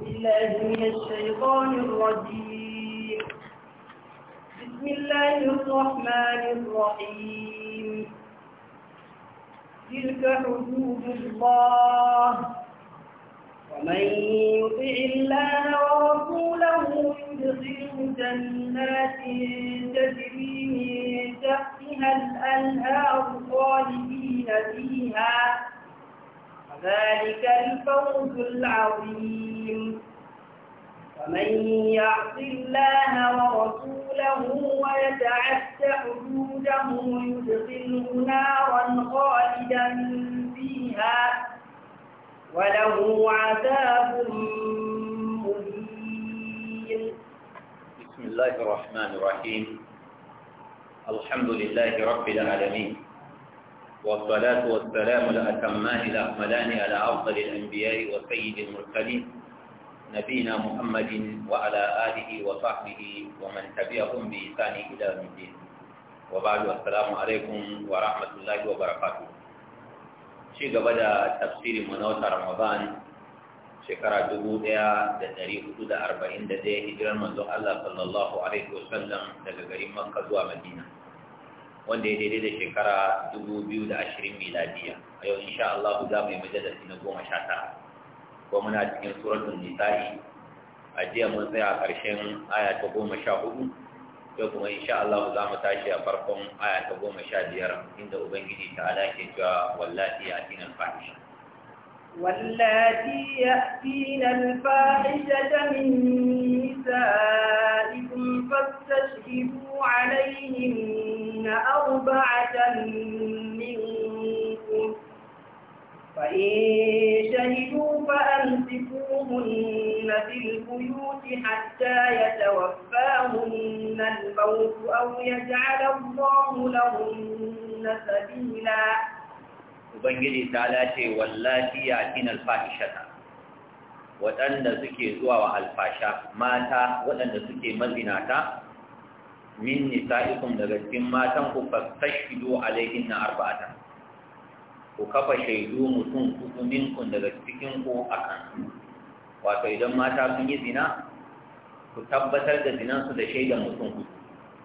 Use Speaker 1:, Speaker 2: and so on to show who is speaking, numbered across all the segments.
Speaker 1: بالله من الشيطان الرجيم بسم الله الرحمن الرحيم تلك حدود الله ومن يطع الله ورسوله يدخله جنات تجري من تحتها الأنهار خالدين فيها ذلك الفوز العظيم ومن يعص الله ورسوله ويتعد حدوده يدخله نارا خالدا فيها وله عذاب مهين
Speaker 2: بسم الله الرحمن الرحيم الحمد لله رب العالمين والصلاة والسلام الأتمان الأكملان على أفضل الأنبياء وسيد المرسلين نبينا محمد وعلى آله وصحبه ومن تبعهم بإحسان إلى يوم الدين وبعد السلام عليكم ورحمة الله وبركاته شيء قبل تفسير منوت رمضان shekara dubu ɗaya da ɗari hudu da arba'in da ɗaya hijirar manzon Allah sallallahu alaihi wasallam daga garin Makka zuwa Madina wanda ya daidai da shekara dubu biyu da ashirin miladiya a yau insha Allah za mu yi majalisi na goma sha tara ko muna cikin suratul nisa'i a jiya mun tsaya ƙarshen aya ta goma sha hudu yau kuma insha Allah za mu tashi a farkon aya ta goma sha biyar inda ubangiji ta ala ke cewa wallahi ya tinan
Speaker 1: واللاتي يأتين الفاحشة من نسائكم فاستشهدوا عليهن أربعة منكم فإن شهدوا فأمسكوهن في البيوت حتى يتوفاهن الموت أو يجعل الله لهن سبيلاً
Speaker 2: ubangiji ta lace wallahi ya kin alfahishata waɗanda suke zuwa wa alfasha mata waɗanda suke mazinata min nisa'ikum daga cikin matan ku fastashidu alaihin na arba'atan ku kafa shaidu mutum kuku ku daga cikin ku akan wato idan mata sun yi zina ku tabbatar da zinansu da shaidan mutum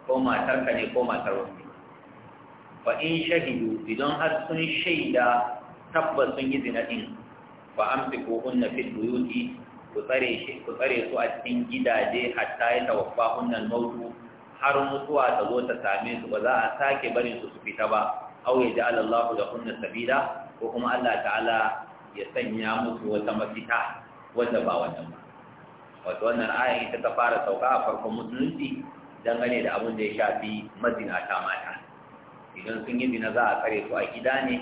Speaker 2: ko matar ka ne ko matar wasu fa in shahidu idan har sun shaida tabbas sun yi zina din fa an fi buyuti ku tsare shi ku tsare su a cikin gidaje hatta ya tawaffa hunnan mautu har mutuwa ta zo ta same su ba za a sake barin su su fita ba au ya alallahu da lahunna sabila ko kuma Allah ta'ala ya sanya musu wata mafita wanda ba wannan ba wato wannan ayan ita ta fara sauka a farkon musulunci dangane da abin da ya shafi mazinata mata idan sun yi zina za a tsare su a gida ne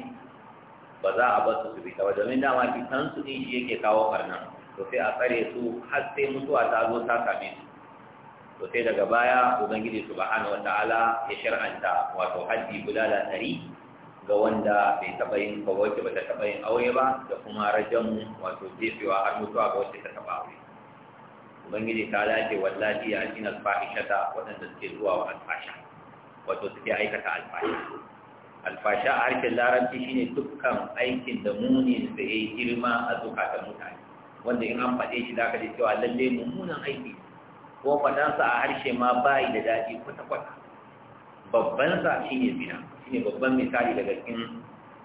Speaker 2: ba za a basu su fita ba domin dama fitan su din shi yake kawo barna to sai a tsare su har sai mutuwa ta zo ta same su to sai daga baya ubangiji subhanahu wata'ala ya shar'anta wato haddi bulala ɗari ga wanda bai taɓa yin kawai ba ta taɓa yin aure ba da kuma rajamu wato jefewa har mutuwa ga wacce ta taɓa aure ubangiji ta lace wallahi ya ajina fahishata waɗanda suke zuwa wa alfasha wato suke aikata alfasha alfasha a harshen larabci shine dukkan aikin da munin da ya yi girma a zukatan mutane wanda in an faɗe shi za ka ji cewa lalle mummunan aiki ko faɗansa a harshe ma bayi da daɗi kwata-kwata babban sa shine zina shine babban misali daga cikin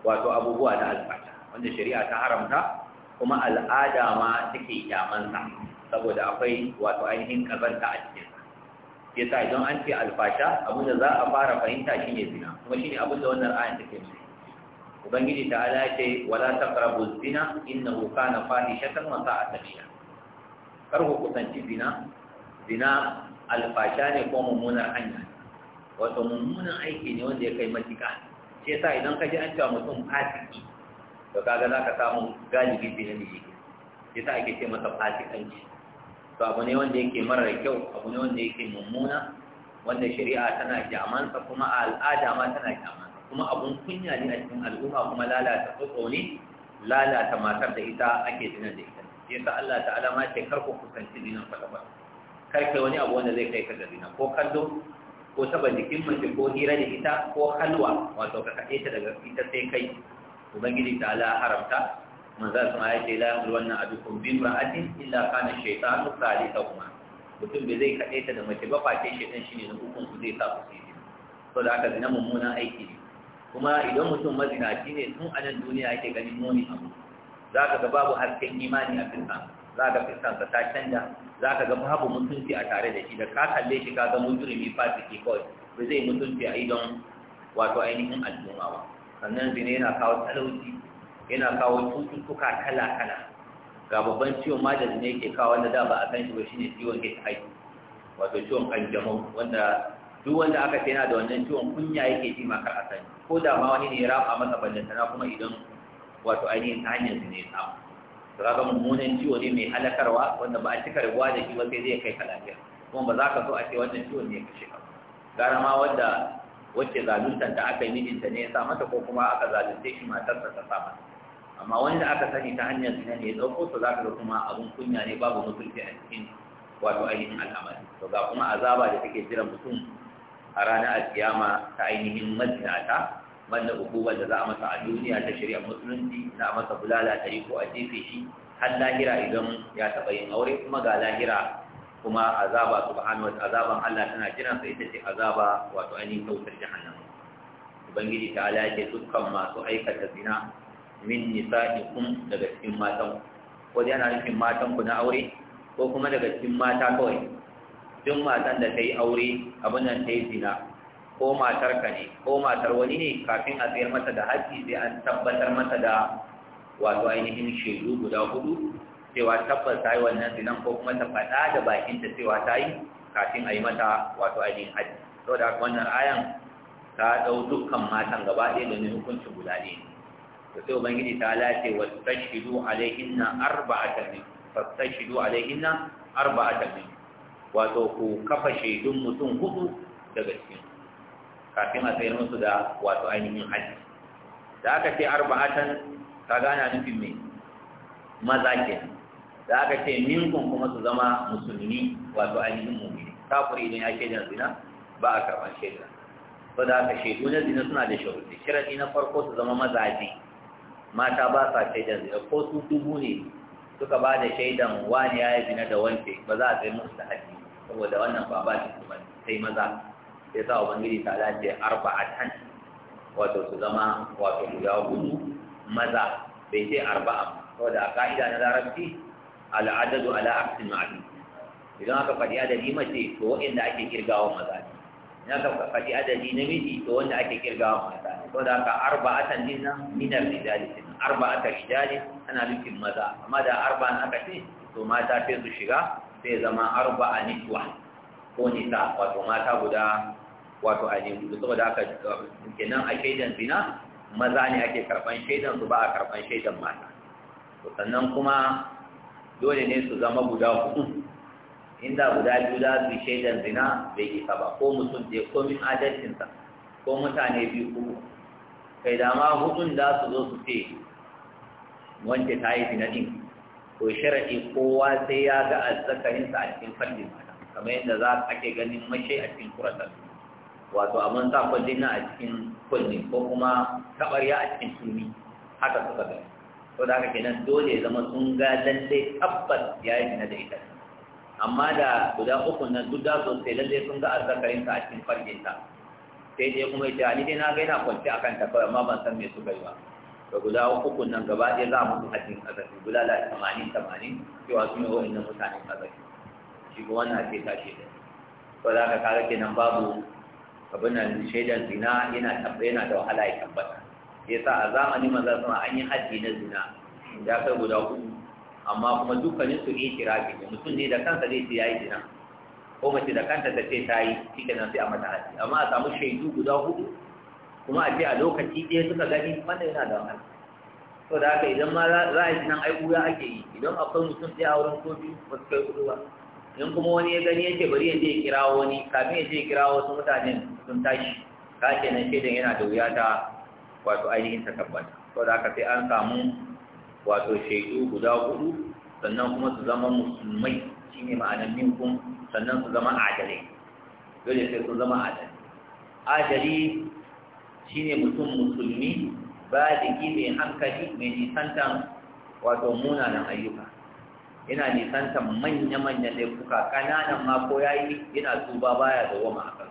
Speaker 2: wato abubuwa na alfasha wanda shari'a ta haramta kuma al'ada ma take kyamansa saboda akwai wato ainihin kazanta a cikin yasa idan an ce alfasha abin da za a fara fahimta shine zina kuma shine abin da wannan ayan take nufi ubangiji ta ala ce wala taqrabu zina innahu kana fahishatan wa sa'a tabiya kar ku kusanci zina zina alfasha ne ko mummunar hanya wato mummunan aiki ne wanda ya kai matuƙa shi yasa idan ka ji an cewa mutum fasiki to kaga za ka samu galibi zina ne shi yasa ake ce masa fasikanci to abu ne wanda yake marar kyau abu ne wanda yake mummuna wanda shari'a tana kyamansa kuma al'ada ma tana kyamansa kuma abun kunya ne a cikin al'umma kuma lalata tsotso ne lalata matar da ita ake zina da ita shi yasa Allah ta'ala ma ce kar ku kusanci zinan kwata-kwata kar kai wani abu wanda zai kai ka ga zina ko kallo ko saba jikin mace ko hira da ita ko halwa wato ka kaɗe ta daga ita sai kai ubangiji ta ala haramta من ذا a يأتي لا يملون illa kana إلا كان الشيطان kuma. mutum bai zai kaɗe ta da mace ba face shi ɗan shi ne na hukun su zai sa su sai so da aka zina mummunan aiki ne kuma idan mutum mazinaci ne tun a nan duniya yake ganin muni abu za ka ga babu hasken imani a fiskan za ka fiskansa ta canja za ka ga babu mutunci a tare da shi da ka kalle shi ka ga mujurimi fasiki kawai ba zai mutunci a idon wato ainihin al'umma ba sannan zina yana kawo talauci yana kawo cututtuka kala-kala ga babban ciwon madadi ne ke kawo wanda da ba a ba shi ba shine ciwon HIV wato ciwon kanjamau wanda duk wanda aka ce yana da wannan ciwon kunya yake ji maka a sani ko da ma wani ne ya rafa masa ballantana kuma idan wato ainihin ta hanyar su ne samu to kaga mummunan ciwo ne mai halakarwa wanda ba a cika rabuwa da shi ba sai zai kai ka lafiya kuma ba za ka so a ce wannan ciwon ne ya kashe ka gara ma wanda wacce zaluntar da aka yi mijinta ne ya sa mata ko kuma aka zalunce shi matarsa ta sa mata amma wanda aka sani ta hanyar zina ne ya ɗauko su za ka kuma abun kunya ne babu mutunci a cikin wato ainihin al'amari to ga kuma azaba da take jiran mutum a ranar alkiyama ta ainihin majinata, wanda hukumar da za a masa a duniya ta shari'a musulunci za a masa bulala ɗari ko a jefe shi har lahira idan ya taɓa yin aure kuma ga lahira kuma azaba subhanahu wa azaban Allah tana jiran ita ce azaba wato ainihin kautar jahannama ubangiji ta ala yake dukkan masu aikata zina min nisa'ikum daga cikin matan ko dai ana nufin matan ku na aure ko kuma daga cikin mata kawai duk matan da ta yi aure abin nan ta yi zina ko matar ka ne ko matar wani ne kafin a tsayar mata da haji sai an tabbatar mata da wato ainihin shaidu guda hudu cewa tabbas ta yi wannan zinan ko kuma ta faɗa da bakinta cewa ta yi kafin a yi mata wato ainihin haji saboda wannan ayan ta ɗau dukkan matan gaba ɗaya domin hukuncin guda ɗaya to sai ubangiji ta lace wa tashidu alaihinna arba'atan min fastashidu alaihinna arba'atan min wato ku kafa shaidun mutum hudu daga cikin kafin a tsayar musu da wato ainihin haji da aka ce arba'atan ka gana nufin me maza ke da aka ce minkun kuma su zama musulmi wato ainihin mummuni kafiri idan ya shaidan zina ba a karɓar shaidan saboda haka shaidu na zina suna da sharuɗi sharaɗi na farko su zama mazaje mata ba sa shaidan zina ko su dubu ne suka ba da shaidan wani ya yi zina da wance ba za a sai musu da haƙi saboda wannan ba ba shi kuma sai maza sai sa ubangiji ta lace arba'atan wato su zama wato guda hudu maza bai ce ko saboda a ka'ida na larabci al'adadu ala aksin ma'adu idan aka faɗi adadi mace to waɗanda ake kirgawa maza ne ya ka faɗi adadi namiji to wanda ake kirgawa mata ne ko da ka arba'atan din nan minar rijali din arba'ata rijali ana nufin maza amma da arba'an aka ce to mata sai su shiga sai zama arba'a niswa ko nisa wato mata guda wato ainihin hudu saboda aka eh, kenan a shaidan zina maza ne ake karɓan shaidan su ba a karɓan shaidan mata to sannan kuma dole ne su zama guda hudu inda guda biyu za su yi shaidan zina bai isa ba ko mutum ɗaya ko min adalcinsa ko mutane biyu ko kai da ma hudun za su zo su ce wanda ta yi zina ɗin ko sharaɗi kowa sai ya ga azzakarinsa a cikin fardin mata kamar yadda za a ake ganin mashe a cikin kuratar wato abin sa kwallina a cikin kwallin ko kuma taɓarya a cikin turmi haka suka gani ko da haka kenan dole ya zama sun ga lallai tabbas ya yi zina da ita amma da guda uku nan duk da su sai lalle sun ga azzakarin ta a cikin farjin ta sai dai kuma ita ni dai na ga yana kwance akan ta kawai amma ban san me su yi ba da guda uku nan gaba ɗaya za a cikin hajjin guda la tamanin tamanin cewa sun yi wa'in nan mutanen azzakari shi ko wannan ta ce da ko za ka kaga kenan babu abin nan shaidan zina yana tabbata yana da wahala ya tabbata sai sa a zamanin maza suna an yi hajji na zina ya kai guda uku amma kuma dukkanin su yi kirafi ne mutum ne da kansa zai ce ya yi zina ko mace da kanta ta ce ta yi shi nan sai a mata haji amma a samu shaidu guda hudu kuma a ce a lokaci ɗaya suka gani wannan yana da wahala to da haka idan ma za a yi nan ai ƙura ake yi idan akwai mutum ɗaya a wurin kofi ba su kai kudu ba in kuma wani ya gani yake bari ya je ya kira wani kafin ya je ya kira wasu mutanen sun tashi ka kenan shaidan yana da wuya ta wato ainihin ta tabbata to da haka sai an samu wato shaidu guda hudu sannan kuma su zama musulmai shi ne ma'anar minkum sannan su zama adalai dole sai sun zama adalai adali shi ne mutum musulmi ba da ki mai hankali mai nisantan wato munanan ayyuka yana nisantan manya ne kuka kananan ma ko ya yi yana tuba baya da goma a kan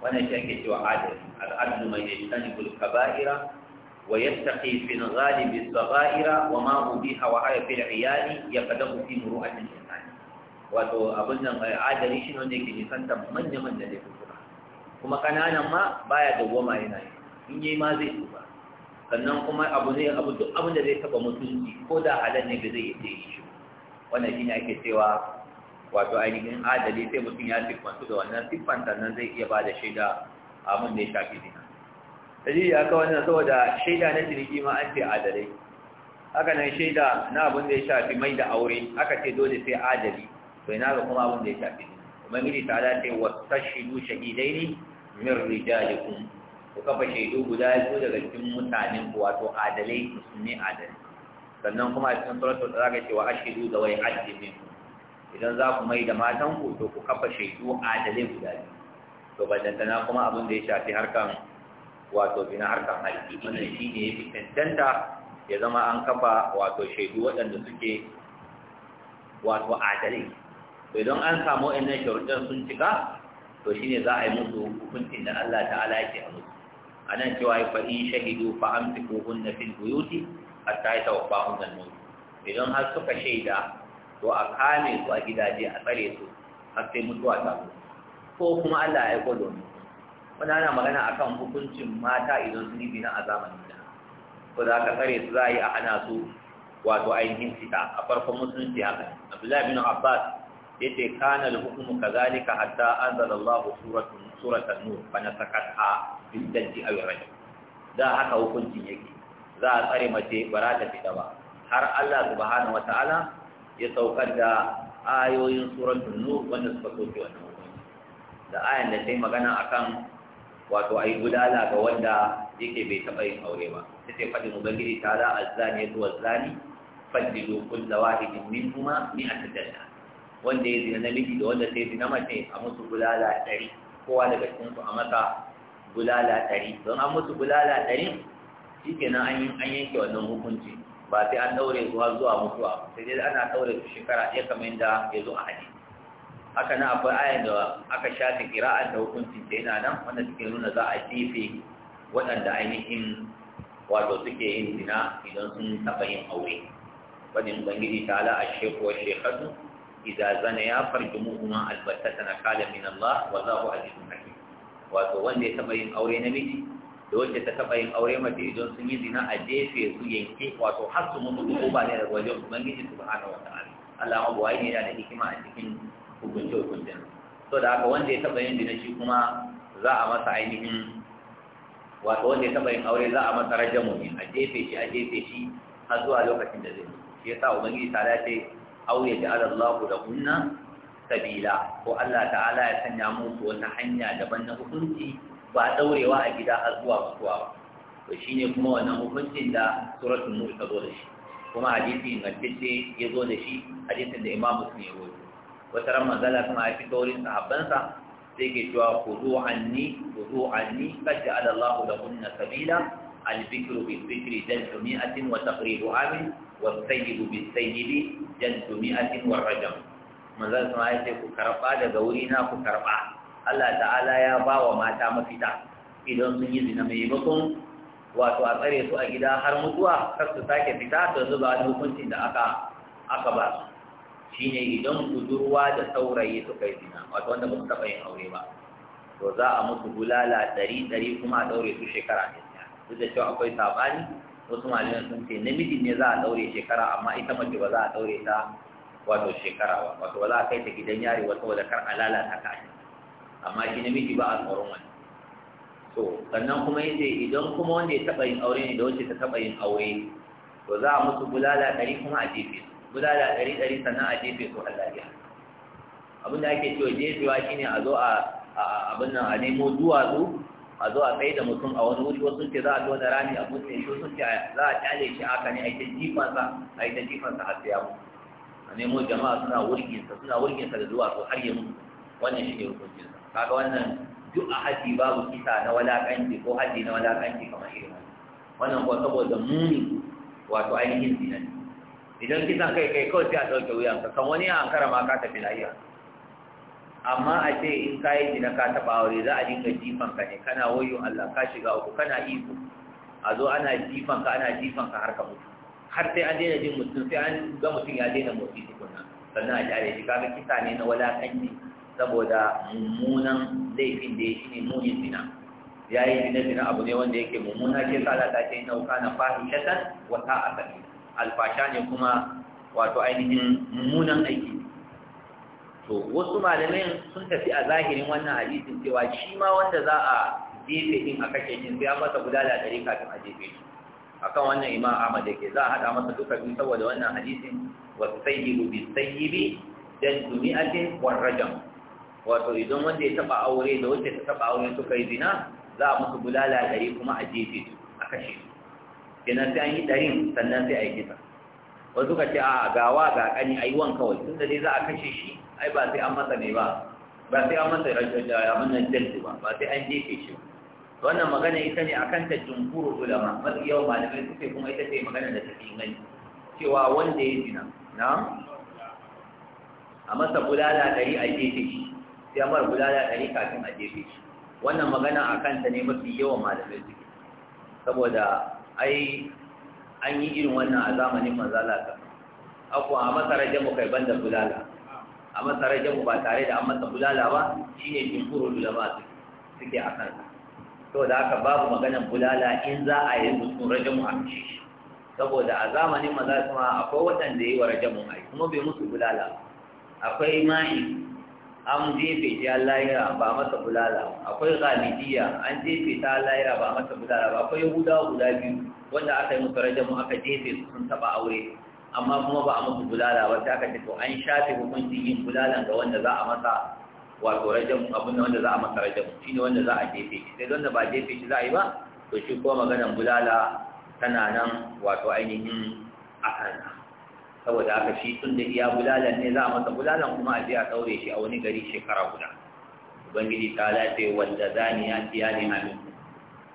Speaker 2: wannan shi ake cewa adali al'adu mai nisantan ba'ira. ويتقي في الغالب الصغائر وما أبيها وهي في العيال يقدم في مروءة الإنسان wato abin nan adali shi ne wanda yake manja manya-manyan da kuma kuma kananan ma baya da goma yana yi in yi ma zai tuba sannan kuma abu ne abu duk abin da zai taba mutunci ko da halal ne ba zai yi sai shi wannan shine ake cewa wato ainihin adali sai mutum ya siffantu da wannan siffan nan zai iya ba da shaida abin da ya shafi zina ya kawo wannan saboda shaida na ciniki ma an ce adalai haka nan shaida na abin da ya shafi mai da aure aka ce dole sai adali to ina ga kuma abin da ya shafi Kuma ubangiji ta da ce wastashidu shahidaini min rijalikum ku kafa shaidu guda biyu daga cikin mutanen ku wato adalai musulmi adalai sannan kuma a cikin suratul da zaka ce wa ashidu da wai ku. idan za ku mai da matan ku to ku kafa shaidu adalai guda biyu to ballantana kuma abin da ya shafi harkan wato bina harkar haiti wannan shi ne ya fi cancanta ya zama an kafa wato shaidu waɗanda suke wato adalai idan an samu innan sharuɗin sun cika to shi ne za a yi musu hukuncin da Allah ta'ala yake a musu a nan cewa ya faɗi shahidu fa amsiku hunna fil buyuti hatta yi tawaffa hunna nun idan har suka shaida to a kame su a gidaje a tsare su har sai mutuwa ta ko kuma Allah ya aiko domin wani ana magana akan hukuncin mata idan sun yi zina a zamanin da ko za ka tsare su za a yi a hana su wato ainihin fita a farkon musulunci haka abdullahi bin abbas ya ce kana da hukumu ka zalika hatta an zala allahu suratan nur bana na sakat a biddanci a yau da haka hukuncin yake za a tsare mace ba za ta fita ba har allah subhanahu Ala ya saukar da ayoyin suratan nur wanda suka soke wannan da ayan da ta yi magana akan wato a yi gudana ga wanda yake bai taɓa yin aure ba sai sai faɗin ubangiji ta za a zane zuwa zani faddilu kulla wahidin min kuma ni a tajalla wanda ya zina namiji da wanda sai zina mace a musu bulala ɗari kowa daga cikin su a masa bulala ɗari don an musu bulala ɗari shikenan an an yanke wannan hukunci ba sai an ɗaure zuwa zuwa mutuwa sai dai ana ɗaure su shekara ɗaya kamar yadda ya zo a hadisi haka na akwai ayan da aka shafi kira'ar da hukuncin da yana nan wanda suke nuna za a jefe waɗanda ainihin wato suke yin zina idan sun taɓa yin aure wajen ubangiji ta ala a sheku wa shekatu idan zana ya farji mu'umma albattata na kala min Allah wa za ku ajiyar hakim wato wanda ya taɓa yin aure namiji da wacce ta taɓa yin aure mace idan sun yi zina a jefe su yanke wato har su mutu ko ba ne daga wajen ubangiji subhanahu wa ta'ala Allah abuwa ne yana da hikima a cikin hukunce hukuncen so da haka wanda ya taɓa yin dina shi kuma za a masa ainihin wato wanda ya taba yin aure za a masa mu ne a jefe shi a jefe shi har zuwa lokacin da zai shi yasa ubangiji ta dace aure da alallahu da kunna sabila ko Allah ta'ala ya sanya musu wata hanya daban na hukunci ba daurewa a gida har zuwa mutuwa to shine kuma wannan hukuncin da suratul mulk ta zo da shi kuma hadisi ingantacce ya zo da shi hadisin da imam muslim ya rawaito wata ran manzala kuma ya fito wurin sahabbansa sai ke cewa kudu anni kudu anni qad ja'ala Allahu lakunna sabila الذكر بالذكر جلد مئة وتقريب عام والسيد بالسيد جلد مئة والرجم ku ذلك daga wuri كربا ku كربا Allah ta'ala ya ba wa mata mafita idan sun yi zina maimakon wato a tsare su a gida har mutuwa kar su sake fita da zuba hukuncin da aka aka ba su shine idan budurwa da saurayi suka yi zina wato wanda ba su taɓa yin aure ba to za a musu bulala ɗari ɗari kuma a ɗaure su shekara ɗaya duk da cewa akwai saɓani wasu malaman sun ce namiji ne za a ɗaure shekara amma ita mace ba za a ɗaure ta wato shekara ba wato ba za a kai ta gidan yari wata wadda kar a lalata ka amma shi namiji ba a tsoron wani to sannan kuma yace idan kuma wanda ya taɓa yin aure ne da wacce ta taɓa yin aure to za a musu bulala ɗari kuma a jefe su Guda da ɗari ɗari sannan a jefe su Allah ya abin da ake cewa jefewa ne a zo a abin nan a nemo duwatsu a zo a tsaye da mutum a wani wuri wasu ce za a da rami a mutum shi sun ce za a kyale shi haka ne a yi ta jifansa a yi ta jifansa har sai a nemo jama'a suna wurginsa suna wurginsa da duwatsu har ya mutu wannan shi ne hukuncinsa kaga wannan duk a haji babu kisa na walakanci ko haji na walakanci kamar irin wannan wannan ko saboda muni wato ainihin zinan idan kisan kai kai kawai sai a ɗauke wuyan ka kan wani an kara ma ka tafi lahiya amma a ce in ka yi jina ka taɓa aure za a dinga jifan ka ne kana wayo Allah ka shiga uku kana iko a zo ana jifan ka ana jifan ka har ka mutu har sai an daina jin mutum sai an ga mutum ya daina motsi tukuna sannan a jare shi kaga kisa ne na wulakanci saboda mummunan laifin da ya shi ne munin zina ya yi zina zina abu ne wanda yake mummuna ke sa Allah ta ce nauka na fahimshatan wata a sanina alfasha ne kuma wato ainihin mummunan aiki to wasu malamin sun tafi a zahirin wannan hadisin cewa shi ma wanda za a jefe din a kashe shi sai an masa da ɗari kafin a jefe shi akan wannan imam ahmad da ke za a haɗa masa duka biyu saboda wannan hadisin wasu sayyibu bi sayyibi dan dumi'atin warrajam wato idan wanda ya taɓa aure da wacce ta taɓa aure suka yi zina za a musu gudala ɗari kuma a jefe su a kashe su kenan sai an yi ɗarin sannan sai a yi kisa wasu suka ce a gawa ga ƙani a yi wan kawai tun da dai za a kashe shi ai ba sai an masa ne ba ba sai an masa ramin jaldi ba ba sai an jefe shi wannan magana ita ne kan ta jumhur ulama mafi yawan malamai suke kuma ita ce magana da ta take gani. cewa wanda ya jina na a masa bulala ɗari a jefe shi sai mara bulala ɗari kafin a jefe shi wannan magana a kanta ne mafi yawan malamai suke saboda ai an yi irin wannan a zamanin manzala ta akwai a masarar jamu kai ban da bulala a masarar jamu ba tare da an masa bulala ba shi ne jinkuru su suke a kan to da haka babu maganar bulala in za a yi mutum rajamu a shi saboda a zamanin maza kuma akwai waɗanda yi wa rajamu ai kuma bai musu bulala akwai ma'i an jefe ta lahira ba masa bulala akwai galibiya an jefe ta lahira ba masa bulala ba akwai yahuda guda biyu wanda aka yi musu mu aka jefe su sun taba aure amma kuma ba a masa bulala ba sai aka ce to an shafe hukuncin yin bulalan ga wanda za a masa wato rajamu abin wanda za a masa shi shine wanda za a jefe shi sai wanda ba jefe shi za a yi ba to shi kuma maganar bulala tana nan wato ainihin a kansa saboda haka shi tun da iya bulalan ne za a masa bulalan kuma a je a daure shi a wani gari shekara guda ubangiji ta lafe wanda zani ya tiya ne amin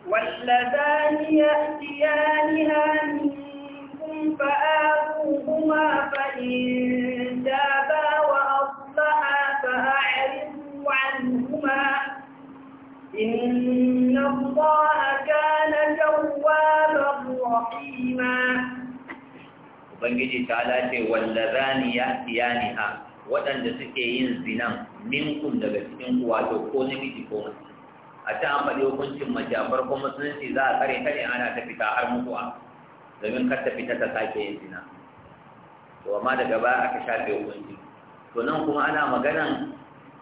Speaker 1: واللذان يأتيانها منكم فآتوهما فإن تابا وأصلحا فأعرضوا عنهما إن الله كان توابا رحيما
Speaker 2: ubangiji ta lace wallazani ya'tiyani ha waɗanda suke yin zinan minkum daga cikin wato ko namiji ko mace a ta an faɗi hukuncin mace a farkon musulunci za a tsare ta ne ana ta fita har mutuwa domin kar ta fita ta sake yin zina to amma daga baya aka shafe hukunci to nan kuma ana maganan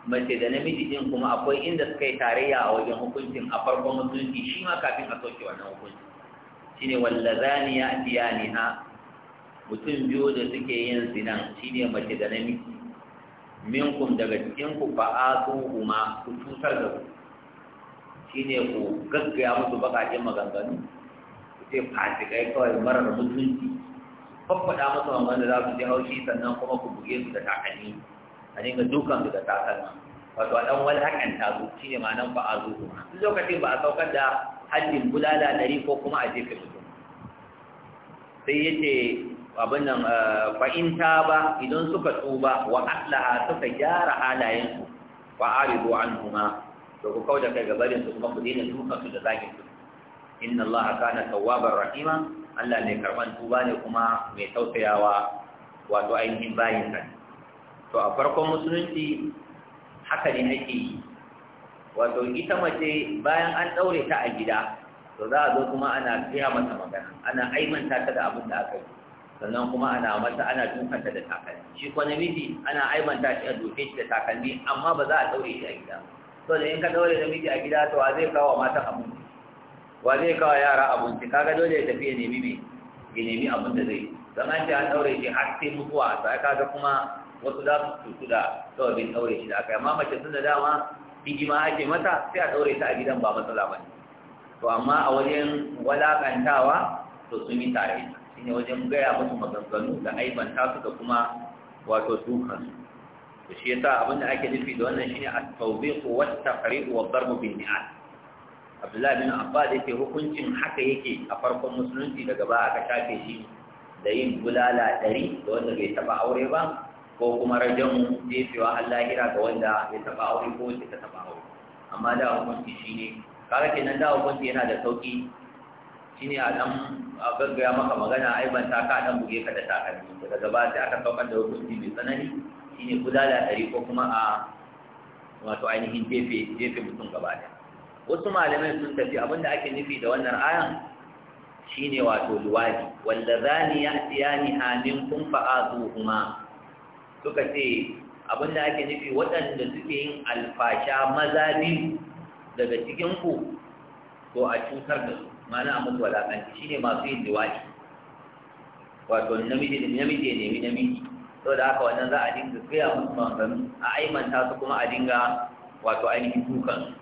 Speaker 2: mace da namiji din kuma akwai inda suka yi tarayya a wajen hukuncin a farkon musulunci shi ma kafin a soke wannan hukunci shine Wallazaniya ya'tiyani ha mutum biyu da suke yin zinan ne mace da namiji minkum daga cikin ku fa kuma ku cutar da ku? Shi ne ku gaggaya musu baƙaƙen maganganu ku ce fasikai kawai marar mutunci faffaɗa musu maganganu da za su ji haushi sannan kuma ku buge su da takalmi a dinga dukan su da takalma wato a ɗan wani hakan ta zo shine ma'anar fa kuma duk lokacin ba a saukar da haddin bulala ɗari ko kuma a jefe mutum sai yace abin nan eh, fa'inta ba idan suka tuba wa aslaha suka gyara halayensu wa aridu an to ku kauda kai gabarin su kuma ku dina dukansu su da zagin su inna allaha kana tawwabar rahima allah ne karban tuba ne kuma mai tausayawa wato ainihin bayin to a farkon musulunci haka ne nake yi wato ita mace bayan an ɗaure ta a gida to za a zo kuma ana tsaya mata magana ana aimanta ta da abin da aka yi sannan kuma ana mata ana dukanta da takalmi shi ko namiji ana aibanta shi a doke shi da takalmi amma ba za a daure shi a gida to da in ka daure namiji a gida to wa zai kawo mata abinci wa zai kawo yara abinci kaga dole ya tafi ya nemi me ya nemi abin da zai don an ce an daure shi har sai mutuwa to ai kaga kuma wasu za su cutu da bin daure shi da aka yi amma mace sun da dama hijima ake mata sai a daure ta a gidan ba matsala ba ne to amma a wajen walakantawa to sun yi tare ne wajen gaya musu maganganu da aibanta su da kuma wato dukan su shi yasa abin da ake nufi da wannan shine at-tawbiq wa at-taqriq wa ad-darb bil ni'at Abdullahi bin Abbas yake hukuncin haka yake a farkon musulunci daga ba aka shafe shi da yin bulala ɗari da wanda bai taɓa aure ba ko kuma rajan jefewa Allah hira ga wanda bai taɓa aure ko wacce ta taɓa aure amma da hukunci shi ne kaga kenan da hukunci yana da sauƙi shine a a gaggaya maka magana ai ban ta ka dan buge ka da takalmi daga gaba sai aka saukar da hukunci mai tsanani shine da ɗari ko kuma a wato ainihin jefe jefe mutum gaba ɗaya wasu malamai sun tafi abinda ake nufi da wannan ayan shine wato luwadi wanda zani ya a amin kun fa'azuhuma suka ce abinda ake nufi waɗanda suke yin alfasha maza biyu daga cikin ku ko a cutar da su mana a mutu shi shine masu yin diwali wato namiji da namiji ne mi namiji da haka wannan za a dinga gaya musu manzanni a aimanta su kuma a dinga wato ainihin dukan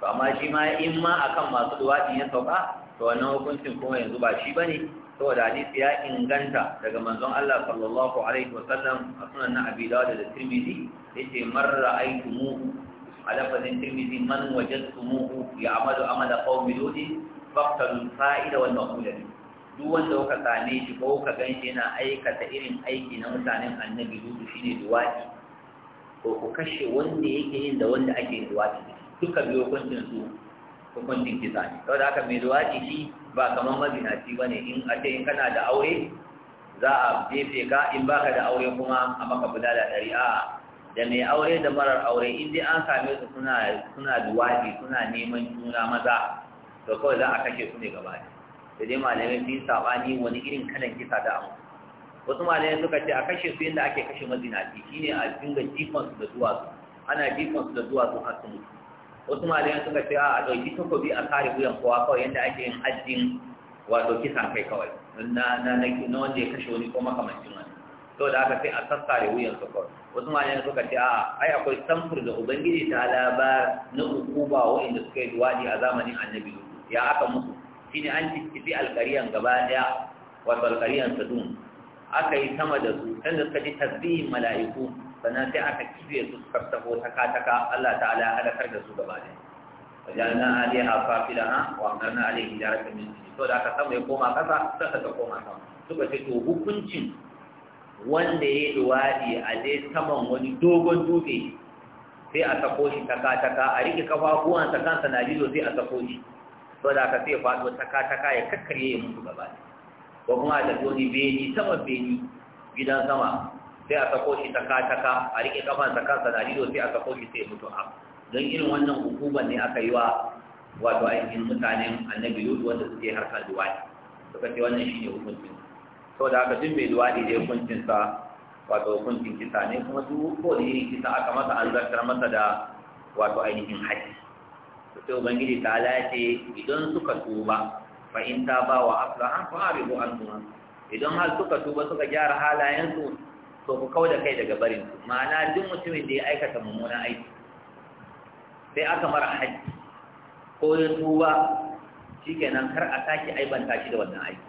Speaker 2: to amma shi ma in ma akan masu duwatsi ya sauka to wannan hukuncin kuma yanzu ba shi bane saboda hadisi ya inganta daga manzon Allah sallallahu alaihi wasallam a sunan na Abi Dawud da Tirmidhi yace man ra'aytumuhu a lafazin Tirmidhi man wajadtumuhu ya'malu amala qaumi ludi faktar fa'ida wani maqula duk wanda kuka same shi ko gan shi yana aikata irin aiki na mutanen annabi shi shine duwaki ko ku kashe wanda yake yin da wanda ake duwaki duka biyo hukuncin su hukuncin kisa ne da aka mai duwaki shi ba kamar mazinaci ne. in a ce in kana da aure za a jefe ka in ba ka da aure kuma a maka bulala ɗari a da mai aure da marar aure in dai an same su suna duwaki suna neman juna maza to kawai za a kashe su ne gaba ne. da dai malamai sun saɓani wani irin kalan kisa da amma wasu malamai suka ce a kashe su yadda ake kashe mazinaci shine a dinga su da duwatsu ana su da duwatsu har su mutu wasu malamai suka ce a ɗauki takobi a kare wuyan kowa kawai yadda ake yin hajjin wato kisan kai kawai na na na wanda ya kashe wani ko makamancin wani to da aka sai a sassare wuyan su kawai wasu malamai suka ce a ai akwai samfur da ubangiji ta labar na ukuba wa'inda suka yi duwadi a zamanin annabi ya aka musu ne an ciccifi alkariyan gaba daya wato alkariyan sadun aka yi sama da su can da suka ji tasbihin mala'iku sannan sai aka kibe su suka taho taka-taka Allah ta'ala ya halakar da su gaba daya wajalna alaiha fafilaha wa amarna alaihi hijaratan min sijil to da aka sama ya koma kasa sai ta koma sama suka ce to hukuncin wanda ya yi luwaɗi a dai saman wani dogon dutse sai a sako shi taka-taka a rike kafafuwansa kansa na jizo sai a sako shi so da aka sai faɗo taka-taka ya kakkar ya mutu gaba ko kuma da wani beni sama beni gidan sama sai a sako shi taka-taka a riƙe kafan sa kansa na rido sai a sako shi sai mutu a don irin wannan hukumar ne aka yi wa wato ainihin mutanen annabi lut wanda suke harkar duwani suka ce wannan shine hukuncin so da haka duk mai da dai hukuncinsa wato hukuncin kisa ne kuma duk ko da yin kisa aka masa an zartar masa da wato ainihin haƙƙi. sai ubangiji ta ce idan suka tuba fa in ta ba wa aslahan fa aribu anhu idan har suka tuba suka gyara halayensu to ku da kai daga barin su ma'ana duk mutumin da ya aikata mummunan aiki sai aka mara haji ko ya tuba shikenan kar a sake aibanta shi da wannan aiki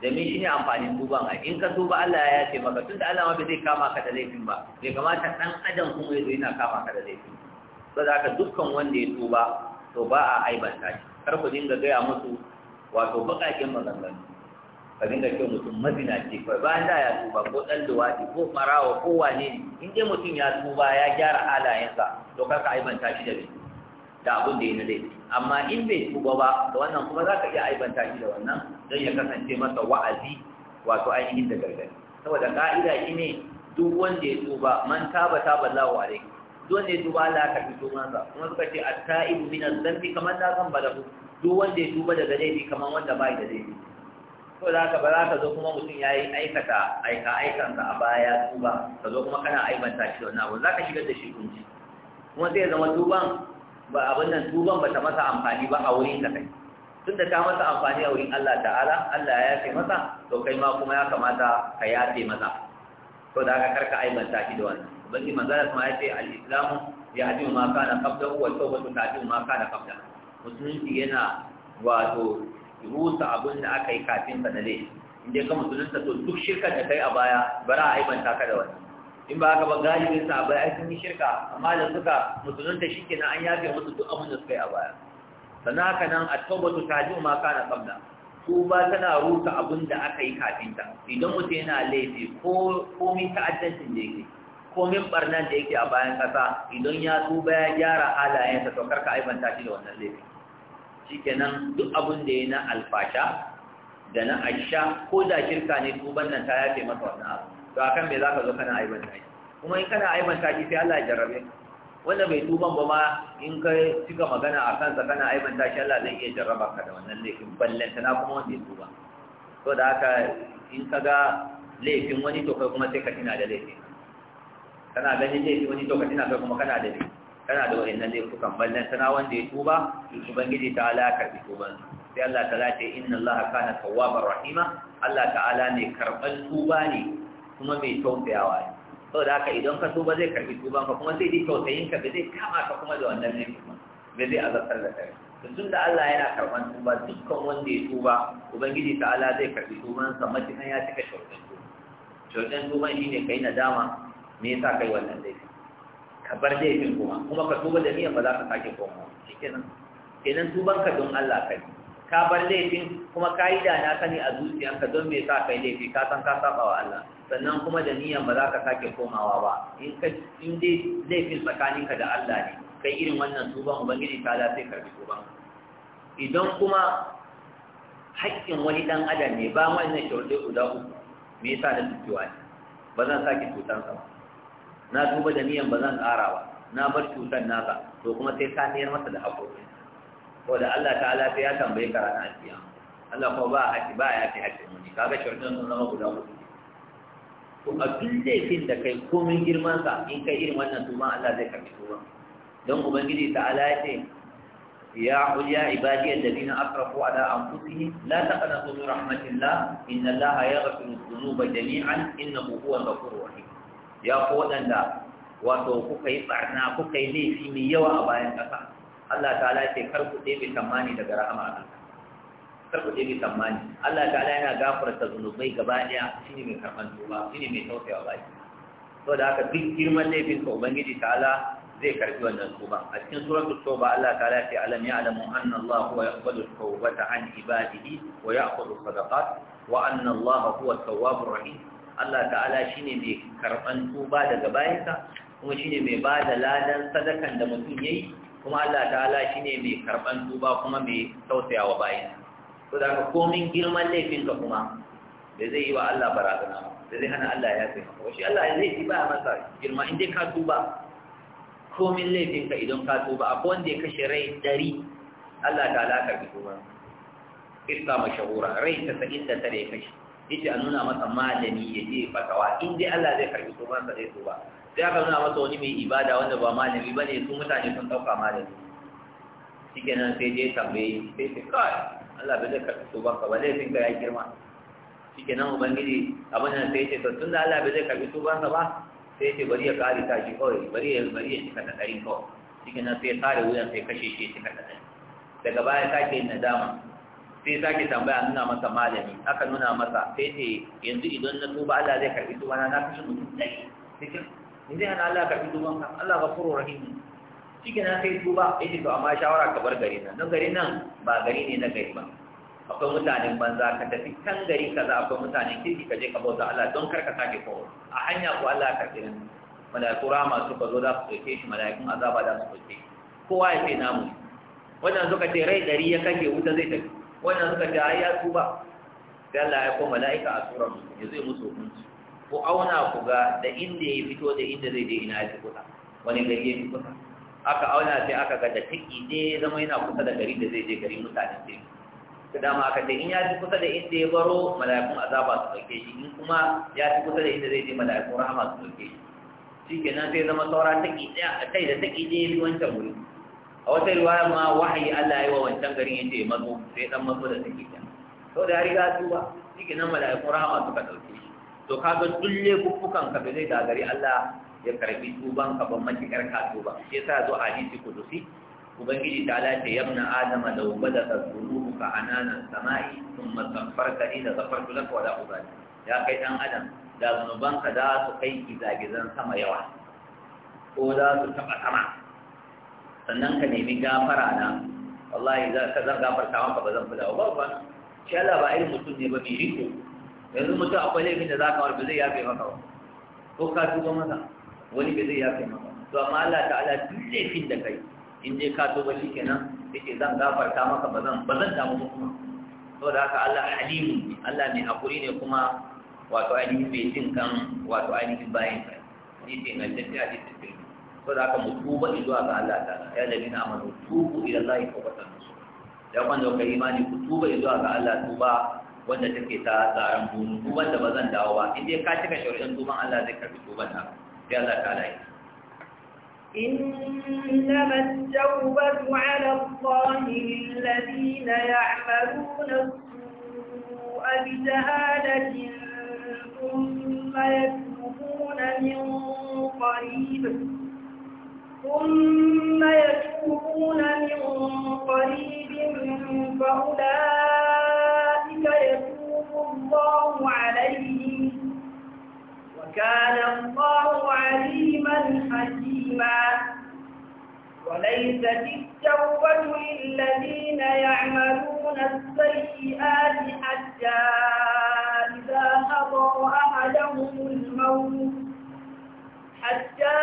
Speaker 2: domin shi ne amfanin tuban a in ka tuba Allah ya ce. maka da Allah ma bai zai kama ka da laifin ba bai kamata ɗan adam kuma ya zo yana kama ka da laifin ba ba za ka dukkan wanda ya tuba to ba a aibanta shi kar ku dinga gaya musu wato bakakin maganganu ka dinga ce mutum mazina ce kawai ba da ya tuba ko dan luwaɗi ko farawa ko wane ne in dai mutum ya tuba ya gyara halayensa to kar ka aibanta shi da biyu da abin da ya na laifi amma in bai tuba ba da wannan kuma za ka iya aibanta shi da wannan don ya kasance masa wa'azi wato ainihin da gargadi saboda ka'ida shi ne duk wanda ya tuba man taba taba lawa alaihi Don ne duba Allah ka fito masa kuma suka ce at-ta'ibu min adh-dhanbi kamar zan dhanba ku duk wanda ya duba daga laifi kamar wanda bai da laifi to da ka ba za ka zo kuma mutum ya yi aikata aika aikansa a baya duba ka zo kuma kana aibanta shi wannan abu za ka shigar da shi kunci kuma sai ya zama duban ba abin nan tuban ba ta masa amfani ba a wurin ka kai tun da ta masa amfani a wurin Allah ta'ala Allah ya yafe masa to kai ma kuma ya kamata ka yafe masa to da ka karka aibanta shi da wannan ubangi manzala kuma ya ce al-islamu ya adi ma kana qablahu wa tawbatu ta'di ma kana qablahu musulunci yana wato rusa abin da aka yi kafin sa da laifi inda ka musulunta to duk shirkar da kai a baya bara a aibanta ka da wani in ba ka ba galibin sa bai ai sun yi shirka amma da suka musulunta shi shikenan an yafe musu duk abin da suka yi a baya sannan haka nan at-tawbatu ta'di ma kana qabla tuba tana rusa abin da aka yi kafin ta idan mutum yana laifi ko komai ta'addancin da yake komin barnan da yake a bayan kasa idan ya tuba ya gyara halayensa to ka aibanta shi da wannan laifin kenan duk abin da ya na alfasha da na asha ko da shirka ne tuban nan ta yafe masa wannan abu to akan me za ka zo kana aibanta shi kuma in kana aibanta shi sai Allah ya jarrabe wanda bai tuban ba ma in ka cika magana a kansa kana aibanta shi Allah zai iya jarraba ka da wannan laifin na kuma wanda ya tuba to da haka in ka ga laifin wani to kai kuma sai ka tuna da laifin kana ganin laifi wani lokaci na kai kuma kana da laifi kana da wani wa'annan laifukan ballan sana wanda ya tuba ubangiji ta ala karbi tuban sai Allah ta ce inna Allah kana tawwabar rahima Allah ta'ala ne karban tuba ne kuma mai tausayawa ne saboda haka idan ka tuba zai karbi tuban ka kuma zai ji tausayin ka zai kama ka kuma da wannan laifin ba zai azabtar da kai tun da Allah yana karban tuba dukkan wanda ya tuba ubangiji ta'ala zai karbi tuban sa matukan ya cika shaudan tuban shaudan tuban shine kai nadama me yasa kai wannan laifi ka bar laifin kuma kuma ka tuba da niyyar ba za ka sake komawa shikenan kenan tuban ka don Allah kai ka bar laifin kuma ka yi da na sani a zuciyanka don me sa kai laifi ka san ka saba wa Allah sannan kuma da niyyar ba za ka sake komawa ba in ka in dai laifin tsakaninka da Allah ne kai irin wannan tuban ubangiji ta da sai karbi tuban idan kuma haƙƙin wani ɗan adam ne ba wannan shaurɗe guda uku me yasa da tutuwa ne ba zan sake tutansa ba na duba da niyan ba zan ƙara ba na bar cutar naka to kuma sai ka tsayar masa da haƙoƙi ko da Allah ta'ala sai ya tambaye ka ranar alkiya Allah kuma ba haƙi ba ya fi haƙi muni kaga shirkin sun zama guda uku to a duk laifin da kai komin girman sa in kai irin wannan tuma Allah zai karɓi tuba don ubangiji ta'ala ya ce يا قل يا عبادي الذين أسرفوا على أنفسهم لا تقنطوا من رحمة الله إن الله يغفر الذنوب جميعا إنه هو الغفور الرحيم ya ku waɗanda wato kuka yi barna kuka yi laifi mai yawa a bayan ƙasa Allah ta'ala ce kar ku ɗebe tsammani daga rahama Allah kar ku ɗebe tsammani Allah ta'ala yana gafarta zunubai gaba ɗaya shine mai karɓan tuba shine mai tausayawa baki to da haka duk girman laifin ka ubangiji ta'ala zai karɓi wannan tuba a cikin suratul tauba Allah ta'ala ce alam ya'lamu anna Allah huwa yaqbalu tawbata an ibadihi wa ya'khudhu sadaqat wa anna Allah huwa at-tawwabur rahim Allah ta'ala shine mai karban tuba daga bayansa kuma shine mai ba da ladan sadakan da mutum ya yi, kuma Allah ta'ala shine mai karban tuba kuma mai tausayawa bayansa to da ka komin girman laifinka kuma da zai yi wa Allah barazana da zai hana Allah ya sai maka shi Allah zai yi ba masa girma inda ka tuba komin laifinka idan ka tuba akwai wanda ya kashe rai dari Allah ta'ala ka bi tuba iska mashahura rai 99 ya kashe yace a nuna masa malami ya je fatawa in dai Allah zai karbi tuban sa zai tuba sai aka nuna masa wani mai ibada wanda ba malami bane su mutane sun dauka malami shikenan sai dai tambayi, sai sai kai Allah bai zai karbi tuban ka ba zai ka ya girma shikenan ubangiji abin nan sai ce to tunda Allah bai zai karbi tuban ka ba sai ce bari ya kare ta shi kawai bari ya bari ya cika da ɗari kawai shikenan sai ya kare wuyan sai kashe shi ya cika da ɗari daga baya sake yin nadama sai sake tambaya nuna masa malami aka nuna masa sai ce yanzu idan na tuba Allah zai karbi tuba na na kashe mutum dai cikin in zai Allah karbi tuban ka Allah ghafurur rahim cikin na kai tuba yace to amma shawara ka bar gari nan gari nan ba gari ne na gari ba akwai mutanen banza ka tafi kan gari kaza akwai mutanen kirki ka je ka bauta Allah don kar ka sake kowa a hanya ko Allah ya karbi nan malaiku rama suka zo za su ɗauke shi malaikun azaba za su ɗauke kowa ya ce namu wannan zuka ce rai ɗari ya kake wuta zai tafi wannan suka ce ai ya tuba sai Allah ya koma mala'ika a surar musu ya zai musu hukunci ko auna ku ga da inda ya fito da inda zai je ina ya fi kusa wani gari ya fi kusa aka auna sai aka ga da take ne zama yana kusa da gari da zai je gari mutane sai da dama aka ce in ya fi kusa da inda ya baro mala'ikun azaba su ɗauke shi in kuma ya fi kusa da inda zai je mala'ikun rahama su ɗauke shi shi kenan sai zama saura take ɗaya a kai da take ne ya fi wancan wuri a wata riwaya ma wahayi Allah ya yi wa wancan garin yadda ya matso sai dan matso da take can to da riga tuba shike nan mala'iku rahama suka dauke shi to kaga dulle kukkukan ka bai zai gari. Allah ya karbi tuban ka ban matikar ka tuba shi yasa zo a hadisi kudusi ubangiji ta ala ce yabna adama da law badaka dhunubuka anana samai thumma tafarka da zafartu laka wa la ubali ya kai dan adam da zunubanka da su kai gizagizan sama yawa ko za su taba sama sannan ka nemi gafara na wallahi za ka zan gafarta maka ba zan dawo ba ba shi Allah ba irin mutum ne ba mai riko yanzu mutum akwai laifin da za zaka warbe zai yafe maka ba ko ka tuba maka wani ba zai yafe maka to amma Allah ta'ala duk laifin da kai in dai ka tuba kenan yake zan gafarta maka ba zan ba zan damu kuma saboda haka Allah halimu Allah mai hakuri ne kuma wato ainihin mai jin kan wato ainihin bayan ka ni ce na tafiya da tafiya saboda haka mu tuba zuwa ga Allah ta ya nabi na amanu tubu ila Allah tawbatan ya kwanda ka imani ku tuba zuwa ga Allah tuba wanda take ta tsaron bunu tuban da bazan dawo ba in dai ka cika shari'an tuban Allah zai karbi tuban ta sai Allah ta alai
Speaker 1: إنما التوبة على الله للذين يعملون السوء بجهالة ثم يتوبون من قريب ثم يتوبون من قريب فأولئك يتوب الله عليهم وكان الله عليما حكيما وليست التوبة للذين يعملون السيئات حتى إذا حضر أحدهم الموت حتى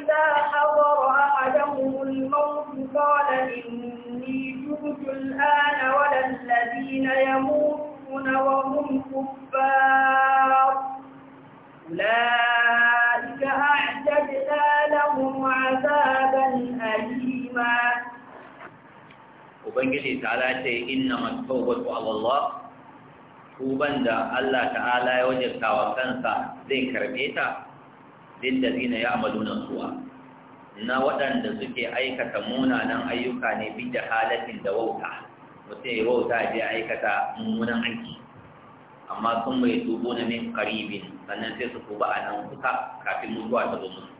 Speaker 1: إذا حضر أحدهم الموت قال إني جبت الآن ولا الذين يموتون وهم كفار أولئك أعتدنا لهم عذابا أليما
Speaker 2: وبنجلي تعالى شيء إنما التوبة على الله tuban da Allah ta'ala ya wajabta ذكر kansa lillazina ya'maluna su'a na waɗanda suke aikata munanan ayyuka ne bi da halatin da wauta mutum ya wauta je aikata mummunan aiki amma sun mai tubo na min karibin sannan sai su tuba a nan kusa kafin mutuwa ta zo musu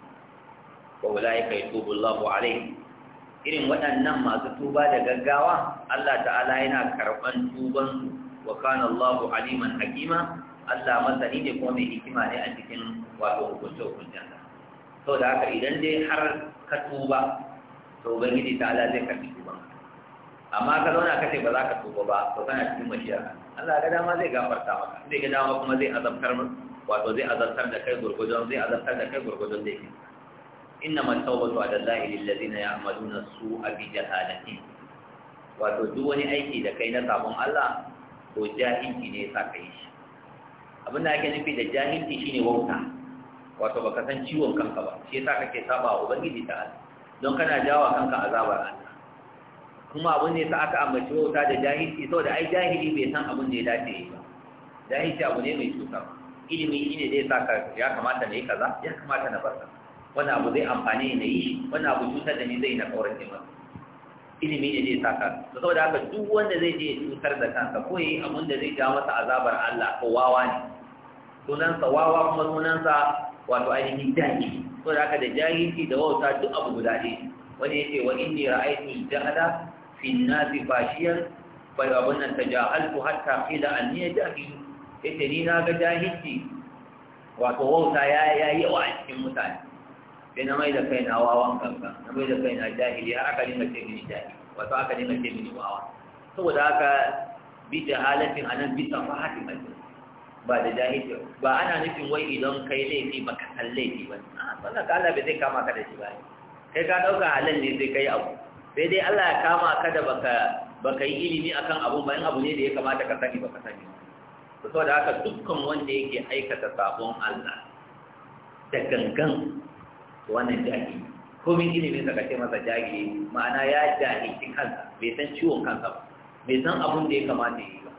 Speaker 2: wa ya kai tubu Allahu alaihi irin waɗannan masu tuba da gaggawa Allah ta'ala yana karɓan tubansu wa kana Allahu aliman hakima Allah masani ne kuma mai hikima ne a cikin wato hukunce hukuncen sa to da haka idan dai har ka tuba to ubangiji ta Allah zai karbi tuban amma ka zauna ka ce ba za ka tuba ba to kana cikin mashiya Allah ga dama zai gafarta maka zai ga dama kuma zai azabtar wato zai azabtar da kai gurgudun zai azabtar da kai gurgudun da yake innama tawbatu ala allahi lil ladina ya'maluna su'a bi jahalati wato duk wani aiki da kai na sabon Allah to jahilci ne ya sa yi? shi abin da ake nufi da jahilci shine wauta wato baka san ciwon kanka ba shi yasa kake saba wa ubangiji ta Allah don kana jawa kanka azabar Allah kuma abin ne sa aka ambaci wauta da jahilci saboda ai jahili bai san abin da ya dace ba jahilci abu ne mai cutar ilimi shine zai sa ya kamata na yi kaza ya kamata na bar kaza wani abu zai amfani na yi wani abu cutar da ni zai na kaurace masa ilimi ne zai saka to saboda haka duk wanda zai je cutar da kansa ko yi abin da zai ja masa azabar Allah ko wawa ne sunansa wawa kuma sunansa wato ainihin jahi so da aka da jahilci da wauta duk abu guda ne wani yake wa inni ra'aytu al-jahla fi an-nasi fashiyan fa abun nan tajahaltu hatta qila anni jahil yace ni na ga jahilci wato wauta ya yayi wa cikin mutane sai na mai da kaina wawan kanka na mai da kaina jahili har aka dinga ce mini jahili wato aka dinga ce mini wawa saboda haka bi jahalatin anan bi safahatin ba da jahilci ba ana nufin wai idan kai laifi ba ka san laifi ba wannan ka Allah bai zai kama ka da shi ba kai ka ɗauka halal ne sai kai abu sai dai Allah ya kama ka da baka baka yi ilimi akan abu ba in abu ne da ya kamata ka sani ba ka sani to saboda haka dukkan wanda yake aikata sabon Allah da gangan wannan jahili komin ilimin sa ka ce masa jahili ma'ana ya jahilci kansa bai san ciwon kansa ba bai san abun da ya kamata ya yi ba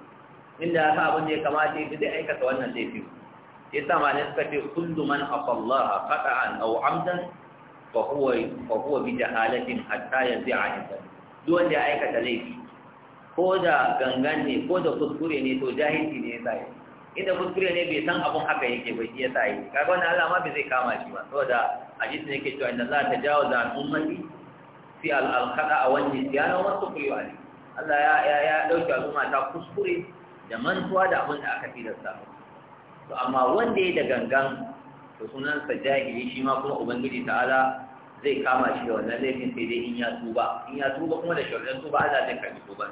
Speaker 2: inda ya sa abin da ya kamata ya zai aikata wannan laifin ya sa ma ne suka ce kullu man afallaha qata'an aw amdan fa huwa fa huwa bi jahalatin hatta yazi'a inda duk wanda ya aikata laifi ko da gangan ne ko da kuskure ne to jahilci ne ya sa yi inda kuskure ne bai san abun haka yake ba shi ya sa yi kaga wannan Allah ma bai zai kama shi ba saboda hadisi ne yake cewa inna Allah tajawaza an ummati fi al-khata'a wan nisyan wa ma suqriyu Allah ya ya ya dauke al'umma ta kuskure da mantuwa da abin da aka tilasta to amma wanda ya da gangan to sunansa jahili shi ma kuma ubangiji ta'ala zai kama shi da wannan laifin sai dai in ya tuba in ya tuba kuma da sharuɗin tuba Allah zai karbi tuban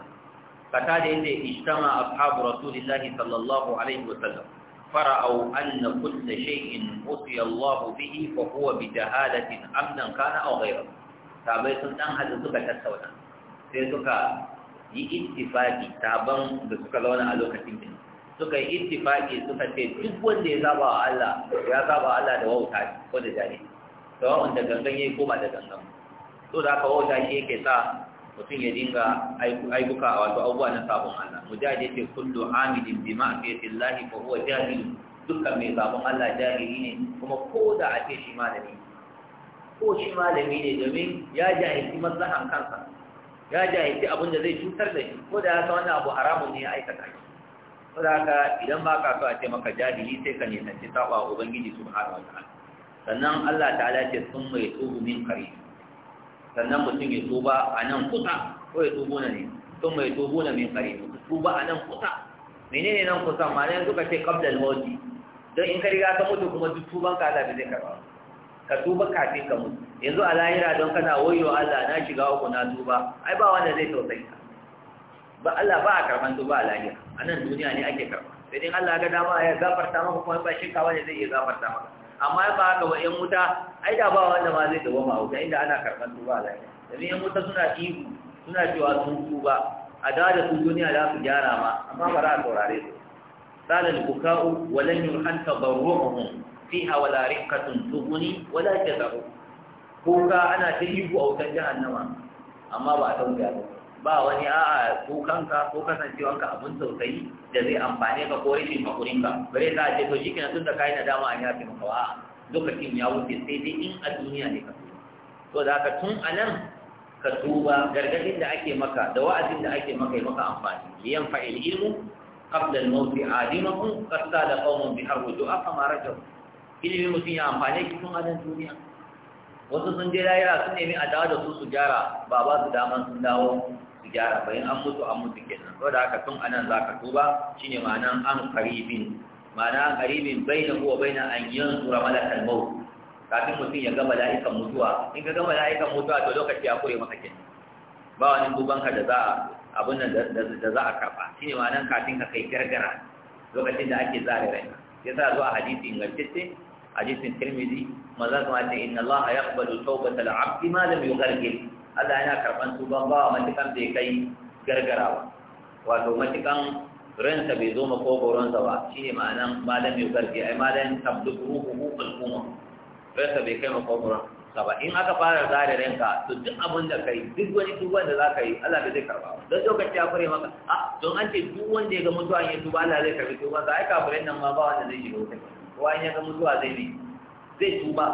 Speaker 2: kata da yadda ijtama ashabu rasulillahi sallallahu alaihi wa sallam fara'au anna kull shay'in utiya Allah bihi fa huwa bi jahalatin amdan kana aw ghayra sabai sun dan hadu suka tattauna sai suka yi ittifaqi taban da suka zauna a lokacin da suka yi ittifaqi suka ce duk wanda ya zaba wa Allah ya zaba wa Allah da wauta ko da jari sawa'un da gangan yayi ko ba da gangan to da aka wauta shi yake sa mutum ya dinga aibuka a wato abubuwa na sabon Allah mujahidi ce kullu amidin bi ma'siyati Allah fa huwa jahil dukkan mai sabon Allah jahili ne kuma ko da ake shi malami ko shi malami ne domin ya jahilci maslahan kansa ya jahilci abin da zai cutar da shi ko da ya san wannan abu haramun ne ya aikata shi ko da haka idan ba ka so a ce maka jahili sai ka nisanci saba wa ubangiji subhanahu wataala sannan Allah ta'ala ce sun mai tubu min kare sannan mutum ya tuba a nan kusa ko ya tubu na ne sun mai tubu na min kare tuba a nan kusa menene nan kusa ma ne suka ce kabda al don in ka riga ka mutu kuma duk tuban ka zafi bai karba ka tuba kafin ka mutu yanzu a lahira don kana wayo Allah na shiga uku na duba ai ba wanda zai tausayi ka ba Allah ba a karban duba a lahira a nan duniya ne ake karba sai dai Allah ga dama ya gafarta maka kuma ba shi kawai zai iya gafarta maka amma ba haka ba yan wuta ai da ba wanda ma zai dawo ma wuta inda ana karban duba a lahira domin yan wuta suna ihu suna cewa sun tuba a dawo da su duniya za su gyara ma amma ba za a saurare su قال البكاء ولن يحن تضرعهم فيها ولا رقة تغني ولا جزعهم kuka ana ta ihu a wutar jahannama amma ba a tausaya ba ba wani a'a kukanka ko kasancewanka abin tausayi da zai amfane ka ko rashin ka bare za a ce to shikenan tun da kai na dama an yafe maka wa lokacin ya wuce sai dai in a duniya ne ka to da ka tun anan ka tuba gargadin da ake maka da wa'azin da ake maka maka amfani liyan fa'il ilmu qabla al mawt adimakum qad sala qawmun bi harbi du'a fama rajau ilimi mutum ya amfane ki tun anan duniya wasu sun je lahira sun nemi a dawo da su su gyara ba ba su daman sun dawo su gyara bayan an mutu an mutu kenan saboda haka tun anan za ka tuba shine ma'anan an karibin ma'ana karibin baina huwa baina an yanzura malakal maut kafin mutum ya ga mala'ikan mutuwa in ka ga mala'ikan mutuwa to lokaci ya kure maka kenan ba wani ka da za a abin da za a karba shine ma'anan kafin ka kai gargara lokacin da ake zare rai Ya sa zuwa hadisi ingantacce hadisin tirmidhi maza kuma ce inna allaha yaqbalu tawbatal abdi ma lam yughargil Allah yana karban tuban bawa matukan bai kai gargarawa wato matukan ransa bai zo makogoronsa ba shi ne ma'anan malam ya garge ai malam tabduk ruhu al'umma ransa bai kai makogoron ba in aka fara zare ranka to duk abin da kai duk wani duk wanda za ka yi Allah bai zai karba don lokaci ya kure maka a ah, don an ce duk wanda ya ga mutuwa ya tuba Allah zai karbi tuba za a yi kafirin nan ba wanda zai shiga wuta wa in ya ga mutuwa zai ne zai tuba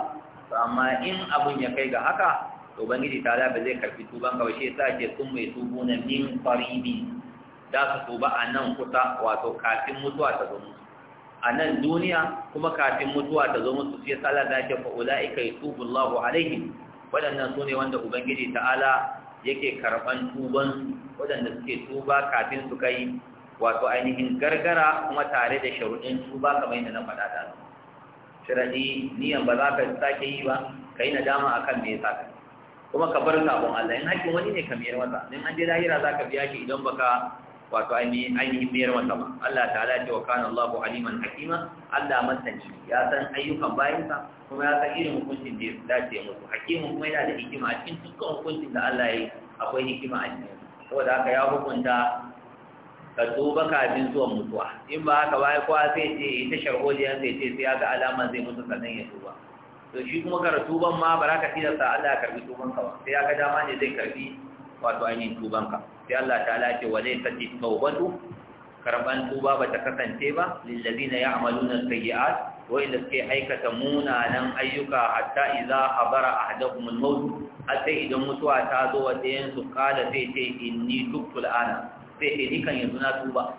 Speaker 2: to amma in abun ya kai ga haka to ubangiji ta ba zai karfi tuban kawai shi yasa ke sun mai tubu na min faribi da su tuba a nan kusa wato kafin mutuwa ta zo musu a nan duniya kuma kafin mutuwa ta zo musu sai Allah ta ce fa ulaika yatubu Allahu waɗannan su sune wanda ubangiji ta'ala yake karɓan tuban wadanda suke tuba kafin su kai wato ainihin gargara kuma tare da sharuɗin tuba kamar yadda na faɗa da sharaɗi niyan ba za ka sake yi ba ka yi nadama akan me yasa ka kuma ka bar sabon Allah in haƙƙin wani ne ka miyar masa in an je lahira za ka biya shi idan baka wato ainihin miyar masa ba Allah ta'ala ce wa kana Allahu aliman hakima Allah masanci ya san ayyukan bayansa kuma ya san irin hukuncin da ya dace musu hakimin kuma yana da hikima a cikin dukkan hukuncin da Allah ya yi akwai hikima a cikin saboda haka ya hukunta ka tuba kafin zuwan mutuwa in ba haka ba kowa sai ce ita sharholiya sai ce sai ga zai mutu sannan ya duba. to shi kuma ka tuban ma ba ka tilasta Allah ya karbi tuban ka ba sai ya dama ne zai karbi wato ainihin tuban ka sai Allah ta'ala ce wa zai tafi tawbatu karban tuba ba ta kasance ba lillazina ya'maluna sayyi'at wa inda suke aikata munanan ayyuka hatta idza habara ahaduhum al-maut hatta idan mutuwa ta zo wa dayan su kala sai ce inni tubtu al-ana sai ce nikan yanzu na tuba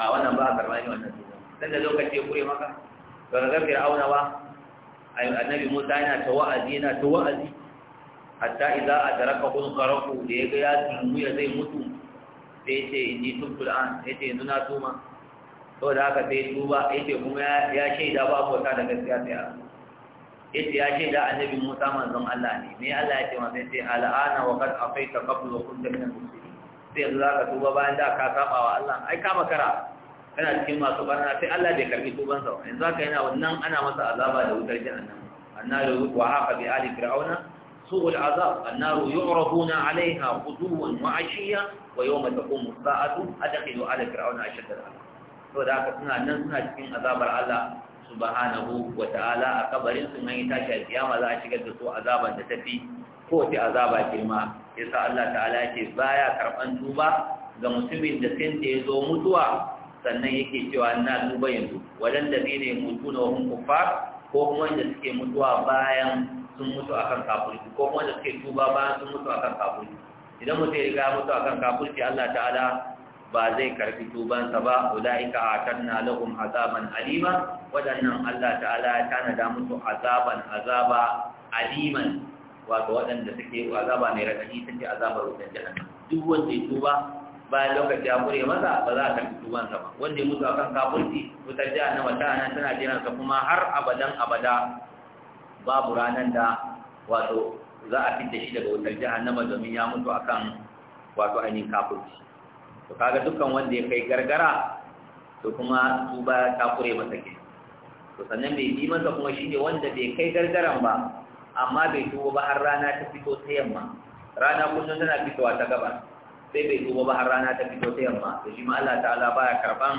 Speaker 2: a wannan ba a karba ni wannan tuba dan da lokaci ya kure maka to daga auna ba a yi annabi Musa yana ta wa'azi yana ta wa'azi hatta idza adrakahu kun karaku da ya ga ya tsumu ya zai mutu sai ya ce ni tun an ya ce yanzu na tuba sau da haka sai tuba ya ce kuma ya shaida ba abota da gaskiya sai Allah yace ya ce da annabi Musa manzon Allah ne me Allah ya ce masa sai al'ana wa qad afaita qabl wa kunta min al-muslimin sai yanzu za ka tuba bayan da ka saba wa Allah ai ka makara kana cikin masu barna sai Allah bai karbi tuban sa yanzu haka yana wannan ana masa azaba da wutar jahannam annaru wa haqa bi ali fir'auna su'ul azab annaru yu'raduna 'alayha quduwan wa 'ashiyya wa yawma taqumu saatu adkhilu ala fir'auna ashadda al to da haka suna nan suna cikin azabar Allah subhanahu wa ta'ala a kabarin sun yi tashi a kiyama za a shigar da su azaban da tafi ko ta azaba girma yasa Allah ta'ala ce baya karban duba ga mutumin da sai da ya zo mutuwa sannan yake cewa na duba yanzu wadan da zai ne mutu na wahun kufa ko kuma wanda suke mutuwa bayan sun mutu kan kafirci ko kuma wanda suke tuba bayan sun mutu kan kafirci idan mutum ya riga mutu kan Allah ta'ala ba zai karfi tubansa ba ulaika atanna lahum azaban alima waɗannan Allah ta'ala ya tanada musu azaban azaba aliman wato waɗanda suke azaba mai raɗaɗi sun ce azabar wutan jahannam duk wanda ya tuba bayan lokaci ya kure masa ba za a tuban sa ba wanda ya mutu a kan kafurci wutar jahannama ta nan tana sa kuma har abadan abada babu ranar da wato za a fita shi daga wutar jahannama domin ya mutu akan wato ainihin kafurci to kaga dukkan wanda ya kai gargara to kuma tuba ta kure masa ke to sannan bai yi masa kuma shi ne wanda bai kai gargaran ba amma bai tuwo ba har rana ta fito ta yamma rana kullum tana fitowa ta gabas sai bai tuwo ba har rana ta fito ta yamma to shi ma Allah ta'ala baya karban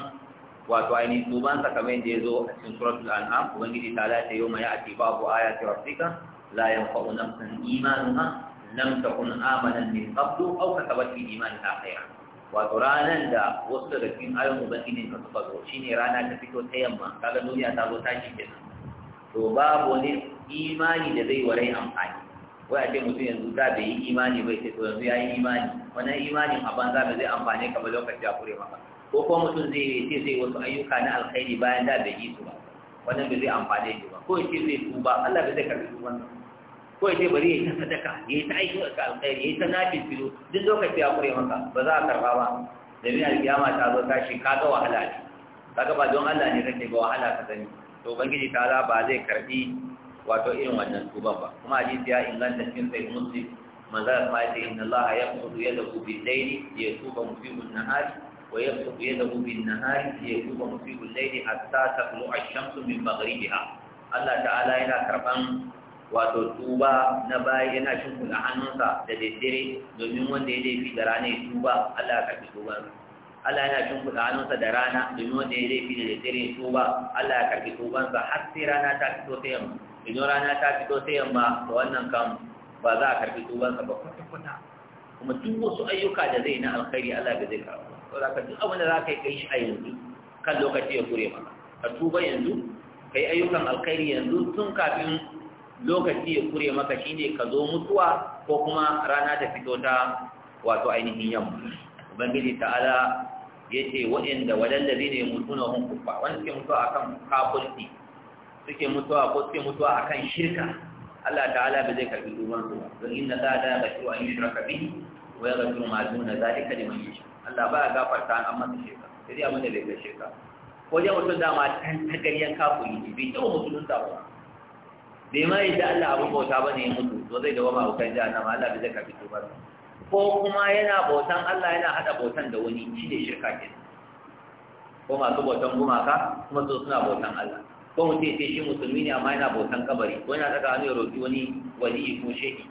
Speaker 2: wato ainihin tuban sa da yadda ya zo a cikin suratul an'am ubangiji ta'ala ta yau ma ya'ti babu ayati rabbika la yanfa'u nafsan imanuha lam takun amanan min qablu aw kasabat fi imanha khayran wato ranar da wasu daga cikin ayon ubangijin ka suka zo shine rana ta fito ta yamma kaga duniya ta zo ta shi kenan to babu wani imani da zai warai amfani wai a ce mutum yanzu da bai yi imani bai sai to yanzu ya yi imani wannan imanin a banza da zai amfane ka ba lokaci a kure maka ko kuma mutum zai yi ce zai wasu ayyuka na alkhairi bayan da bai yi su ba wannan bai zai amfani shi ba ko ya ce zai tuba Allah bai zai karɓi su wannan ko ya ce bari ya yi ta sadaka ya yi ta a ka alkhairi ya yi ta nafin filo duk lokaci a kure maka ba za a karɓa ba Da domin alkiyama ta zo shi ka ga wahala ne ga ba don Allah ne kake ba wahala ka sani to ubangiji ta ba zai karbi wato irin wannan tuban ba kuma hadisi ya inganta cikin sai muslim manzara ma yace inna Allah ya yaqulu yadahu bil layli yatuba musibu an-nahari wa ya yadahu bin nahari yatuba musibu al-layli hatta taqlu ash-shamsu min maghribiha Allah ta'ala yana karban wato tuba na baya yana shimfiɗa hannunsa da daddare domin wanda ya laifi da rana ya tuba Allah ya karɓi tuban Allah yana shimfiɗa hannunsa da rana domin wanda ya laifi da daddare ya tuba Allah ya karɓi tubansa har sai rana ta fito ta yamma idan rana ta fito sai yamma da wannan kan ba za a karbi tubansa ba kwata-kwata kuma duk wasu ayyuka da zai na alkhairi Allah ba zai karɓa ba za ka duk abin za ka yi kai shi a yanzu kan lokaci ya kure maka ka tuba yanzu ka yi ayyukan alkhairi yanzu tun kafin lokaci ya kure maka shine ka zo mutuwa ko kuma rana ta fito ta wato ainihin yamma ubangiji ta'ala ya ce waɗanda waɗanda zai ne mutuna hun kufa wanda suke mutuwa akan kafulti suke mutuwa ko suke mutuwa akan shirka Allah ta'ala ba zai karbi duban su ba don inna za da ga shi an yushraka bihi wa yaghfiru ma duna zalika liman shi Allah ba a gafarta an amma shirka sai dai abin da bai shirka ko dai mutum da ma tan kafu yi ne bai taɓa mutum da ba bai ma yi da Allah abu bauta ba ne ya mutu to zai dawo ma hukan jahannama Allah bai zai karbi duban ko kuma yana bautan Allah yana hada bautan da wani shi ne shirka ke. ko masu bautan gumaka kuma su suna bautan Allah ko mutum ce shi musulmi ne amma yana bautan kabari ko yana saka hannu ya roƙi wani wali ko shehi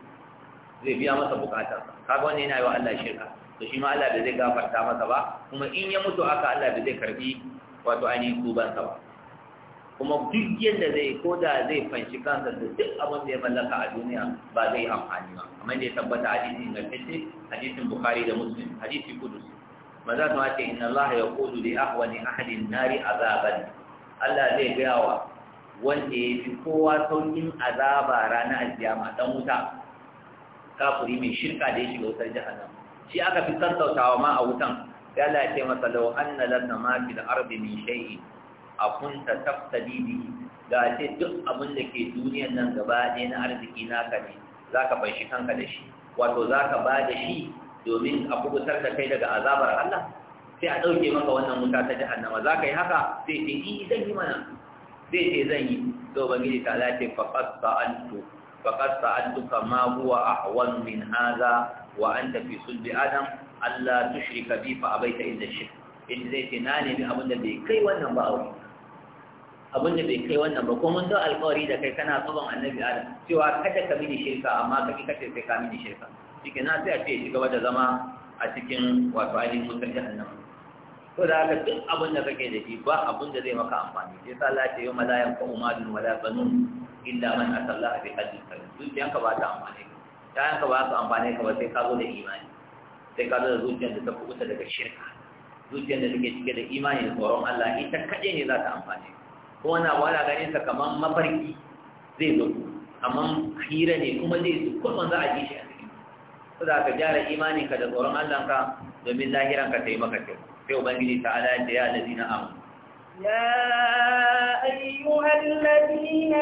Speaker 2: zai biya masa bukatar kaga wannan yana yi wa Allah shirka to shi ma Allah bai zai gafarta masa ba kuma in ya mutu aka Allah bai zai karbi wato ainihin tubansa ba kuma duk yadda zai ko da zai fanshi kansa da duk abin da ya mallaka a duniya ba zai yi amfani ba amma da ya tabbata hadisi ingantacce hadisin bukhari da muslim hadisi kudus maza su ce inna allaha yaqulu li ahwani ahli an-nari azaban Allah zai gaya wa wanda ya fi kowa saukin azaba ranar alkiyama dan wuta kafuri mai shirka da ya shiga wutar jahannam shi aka fi sassautawa ma a wutan sai ya ce masa law anna lana ma fil ardi min shay'in a kunta ga ce duk abin da ke duniyan nan gaba ɗaya na arziki naka ne za ka fanshi kanka da shi wato za ka ba da shi domin a kubutar da kai daga azabar Allah sai a ɗauke maka wannan wuta ta jahannama za ka yi haka sai ce yi zan yi mana sai ce zan yi to ubangiji ta lace faqad sa'altu faqad sa'altuka ma huwa hawan min haza wa tafi sun bi adam shi ka bi fa abaita inda shi in zai ce na nemi abin da bai kai wannan ba aure abin da bai kai wannan ba ko mun zo alƙawari da kai kana tsoron annabi adam cewa kada ka mini shirka amma ka ki kace sai ka mini shirka shike na sai a ce shi gaba da zama a cikin wato ainihin mutar jahannama ko da haka duk abin da kake da shi ba abin da zai maka amfani sai sa Allah ya yi mala yan kuma malun wala banu illa man asalla bi qalbi salim ka ba ta amfani ka yanka ba ta amfani ka ba sai ka zo da imani sai ka zo da zuciyar da ta kubuta daga shirka zuciyar da take cike da imani da tsoron Allah ita kaɗai ne za ta amfani ko wani abu ana ganin sa kamar mafarki zai zo amma hira ne kuma zai zo kullum za a ji shi a cikin ko da ka gyara imaninka da tsoron Allah ka domin lahiranka ta yi maka kyau وبنجلي تعالى يا الذين آمنوا
Speaker 1: يا أيها الذين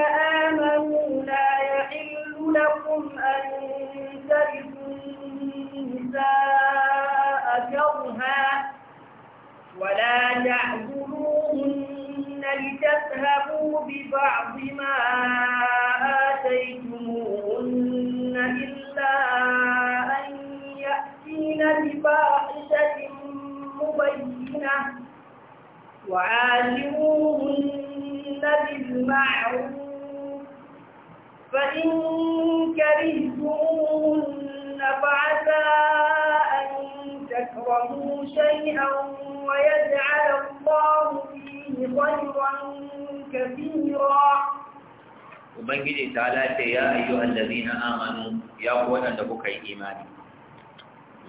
Speaker 1: آمنوا لا يحل لكم أن تردوا النساء كرها ولا تعبدوهن لتذهبوا ببعض ما وعاشروهن بالمعروف فإن كرهتموهن فعسى أن تكرهوا شيئا ويجعل الله فيه خيرا كثيرا
Speaker 2: Ubangiji ta lace ya ayyuhan allazina amanu ya waɗanda kuka yi imani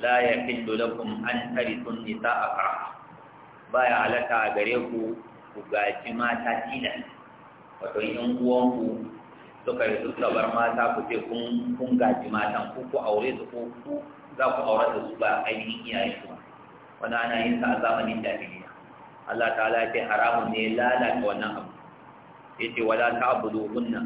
Speaker 2: la yahillu lakum an a nisaa baya halatta a gare ku ku gaji mata tilas wato yan uwanku suka yi suka bar mata ku ce kun kun gaji matan ku ku aure su ko ku za ku aure da su ba ainihin iyayen su Wani ana yin sa a zamanin jahiliya Allah ta'ala ce haramun ne lalata wannan abu Ya ce wala ta ta'buduhunna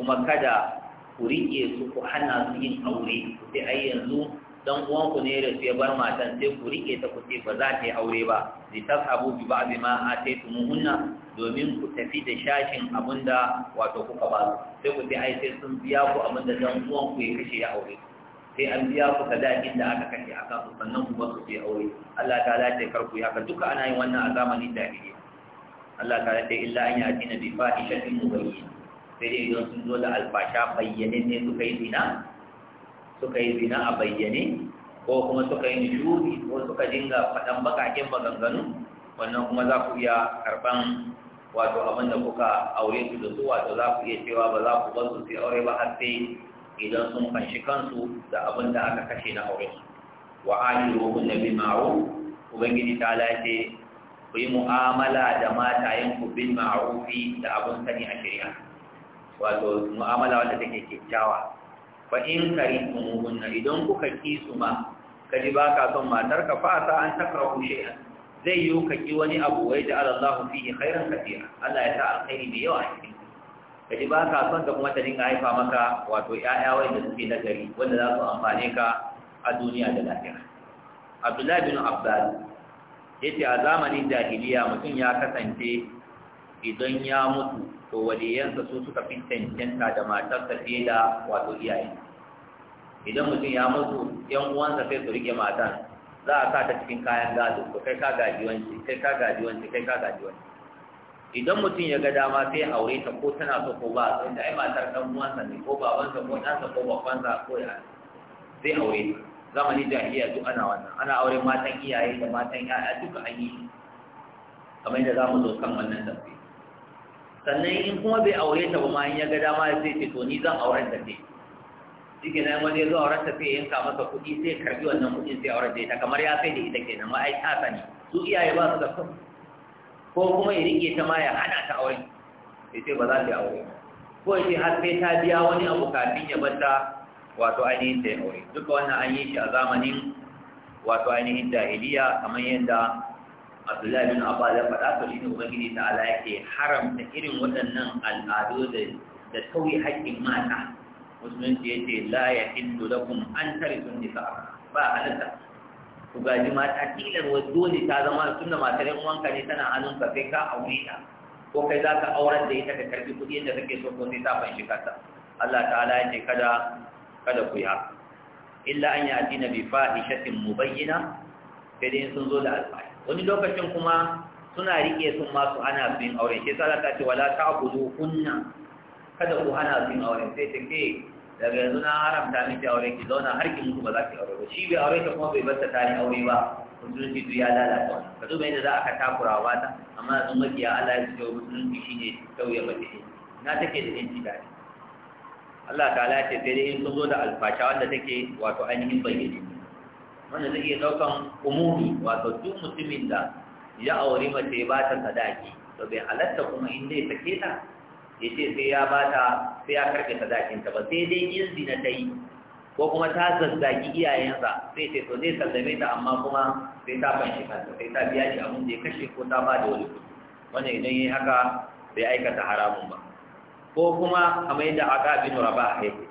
Speaker 2: kuma kada ku riƙe su ku hana su yin aure sai ai yanzu dan uwanku ne da ya bar matan sai ku rike ta ku ce ba za ta yi aure ba li tashabu bi ba'd ma hunna domin ku tafi da shashin abinda wato kuka ba sai ku ce ai sai sun biya ku abinda dan uwanku ya kashe ya aure sai an biya ku ka da aka kashe aka su sannan ku ba su je aure Allah ta lace ku ya ka duka ana yin wannan a zamanin jahiliya Allah ta lace illa an yati na bi fa'ishatin mubayyin sai dai idan sun zo da alfasha bayyane ne suka yi dina suka yi zina a bayyane ko kuma suka yi nishuri ko suka dinga faɗan baƙaƙen maganganu wannan kuma za ku iya karɓan wato abin da kuka aure su da su wato za ku iya cewa ba za ku bar su sai aure ba har sai idan sun fanshi kansu da abin da aka kashe na aure su wa ajiruhun na bi ma'ruf ubangiji ta lace ku yi mu'amala da matayen ku bin ma'rufi da abin sani a shari'a wato mu'amala wanda take kyakkyawa fa in idan kuka ki su ma ka ji ba ka son matar ka fa ta an takrahu zai yi ka ki wani abu wai da Allah fihi khairan katira Allah ya sa alkhairi mai yawa a cikin ji ba ka son ka kuma ta dinga haifa maka wato wai da suke nagari wanda za su amfane ka a duniya da lafiya Abdullahi bin Abbas yace a zamanin jahiliya mutum ya kasance idan ya mutu to waliyansa su suka fi cancanta da matarsa fiye da wato iyaye. idan mutum ya mutu yan uwansa sai su rike matan za a sa ta cikin kayan gado to kai ka gaji wanci kai ka gaji wanci kai ka gaji wanci idan mutum ya ga dama sai aure ta ko tana so ko ba sai da ai matar dan uwansa ne ko babansa ko ɗansa ko babansa ko ya sai aure ta zamani jahiliya duk ana wannan ana aure matan iyaye da matan yaya duka an yi kamar yadda za mu zo kan wannan tafiya sannan in kuma bai aure ta ba ma in ya ga dama zai ce to ni zan auren da ce shi nan wani ya zo auren ta sai yanka masa kuɗi sai karbi wannan kuɗin sai auren ta ita kamar ya sai da ita kenan ma ai ta sani su iyaye ba su da kuɗi ko kuma ya rike ta ma ya hana ta auren sai ce ba za ta aure ko ya ce har sai ta biya wani abu kafin ya bar ta wato ainihin ta aure duka wannan an yi shi a zamanin wato ainihin jahiliya kamar yadda abdullahi bin abba da faɗa to shine ubangiji ta ala yake haramta irin waɗannan al'adu da da haƙƙin mata musulunci ya ce la ya hindu lakum an sun nisa ba halitta, ku gaji mata tilar wa dole ta zama da matar yan uwanka ne tana hannun ka kai ka aure ta ko kai za ka aurar da ita ka karfi kuɗi yadda kake so ko sai ta fanshi kanta Allah ta'ala ya ce kada kada ku ya illa an ya'ti na bi fahishatin mubayyina sai dai sun zo da alfahi wani lokacin kuma suna rike sun ma su hana su yin aure shi sa ta ce wala ta'budu kunna kada ku hana su yin aure sai ta ke daga yanzu na haramta miki aure ki zauna har ki mutu ba za ki aure ba shi bai aure ta kuma bai bar ta tare aure ba musulunci duk ya lalata wani ka duba yadda za a ka takura wa ta amma sun makiya Allah ya ce musulunci shi ne tauye mace na take da yanci daɗi Allah ta ce sai dai in sun zo da alfasha wanda take wato ainihin bayyane wanda zai iya daukan umumi wato duk mutumin da ya auri mace ya bata sadaki to bai halatta kuma in dai sake ta ya ce sai ya bata sai ya karɓe sadakinta ba sai dai in zina ta yi ko kuma ta zazzagi iyayensa sai ce to zai sallame ta amma kuma sai ta fanshi kanta sai ta biya shi abin da ya kashe ko ta ba da wani kuɗi wanda idan yi haka bai aikata haramun ba ko kuma kamar da aka bin raba ya ce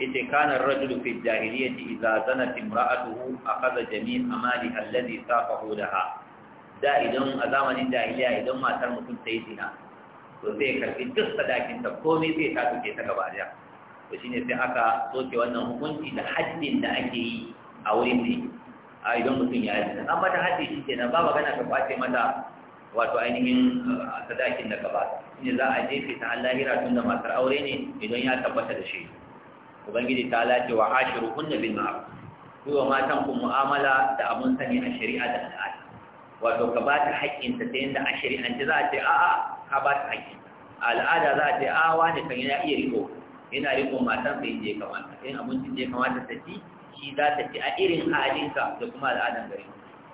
Speaker 2: yace kana ar-rajulu fi jahiliyyati idza zanat imra'atuhu akhadha jami' amali alladhi safahu laha da idan a zamanin jahiliya idan matar mutum ta yi zina to sai karbi duk sadakin ta komai zai ta duke ta gaba daya to shine sai aka soke wannan hukunci da haddin da ake yi a wurin ne a idan mutum ya yi an mata haddi shi kenan ba magana ka kwace mata wato ainihin uh, sadakin da gaba. ba shine za a jefe ta har lahira tun da matar aure ne idan ya tabbata da shi ubangiji ta lace wa ashiru kunna bil ma'ruf ku wa matan ku mu'amala da abun sani a shari'a da al'ada wato ka ba ta haƙƙin ta sai da a shari'a. shari'ance za a ce a'a ka ba ta haƙƙin a al'ada za a ce a'a wani kan yana iya riko yana riko matan sai je kamata in abincin je kamata ta ci shi za ta ci a irin ka da kuma al'adan gari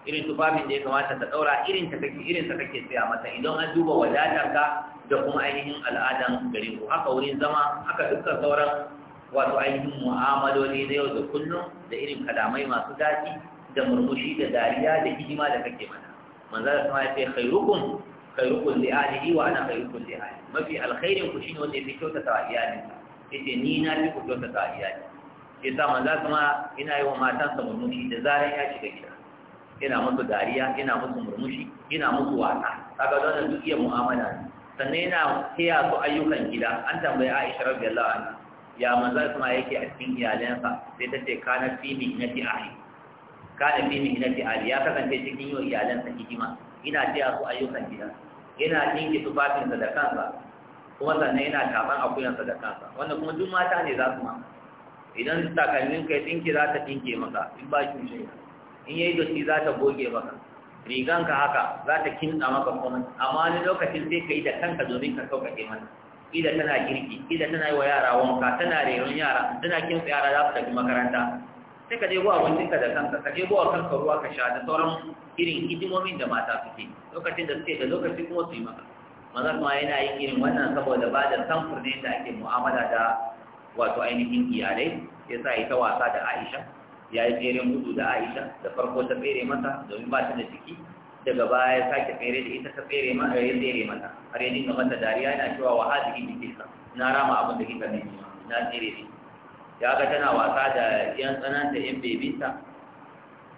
Speaker 2: irin tufafin da ya kamata ta ɗaura irin ta kake irin ta kake tsaya mata idan an duba wadatarka da kuma ainihin al'adan garin ku haka wurin zama haka dukkan sauran wato ainihin mu'amaloli na yau da kullum da irin kalamai masu daɗi da murmushi da dariya da hidima da kake mana manzo da sama ya ce khairukum khairukum li ahlihi wa ana khairukum li ahli mafi alkhairin ku shine wanda yake kyautata ta, ya yace ni na fi ku kyautata wa iyali sa manzo sama ina yi wa matansa murmushi da zaran ya shiga gida ina musu dariya ina musu murmushi ina musu wasa kaga wannan duk iya mu'amala sannan yana kiyaye su ayyukan gida an tambayi Aisha radiyallahu anha ya manzo kuma yake a cikin iyalansa sai ta ce na fi min ahi ka na fi min nati ahi ya kasance cikin yau iyalansa hidima ina taya su ayyukan gida yana dinki tufafinsa da kansa kuma sannan yana taɓar akuyansa da kansa wanda kuma duk mata ne za su ma idan takalmin kai dinki za ta dinke maka in ba shi shi in yayi dotti za ta goge maka riganka haka za ta kinta maka komai amma wani lokacin sai ka yi da kanka domin ka sauƙaƙe mana ida tana girki ida tana yi wa yara wanka tana renon yara tana kinsa yara za su tafi makaranta sai ka ɗebo abincinka da kanka ka ɗebo a kanka ruwa ka sha da sauran irin hidimomin da mata suke lokacin da suke da lokaci kuma su yi maka maza kuma yana yin irin wannan saboda ba da samfur ne da ake mu'amala da wato ainihin iyalai ya sa ita wasa da aisha ya yi tseren gudu da aisha da farko ta tsere masa domin ba ta da ciki daga baya ya sake tsere da ita ta tsere ma ya tsere mata har yanzu dinga mata dariya yana cewa wa hadhihi bikilka na rama abin da kika ne na tsere ne ya ga tana wasa da yan tsananta yan bebinta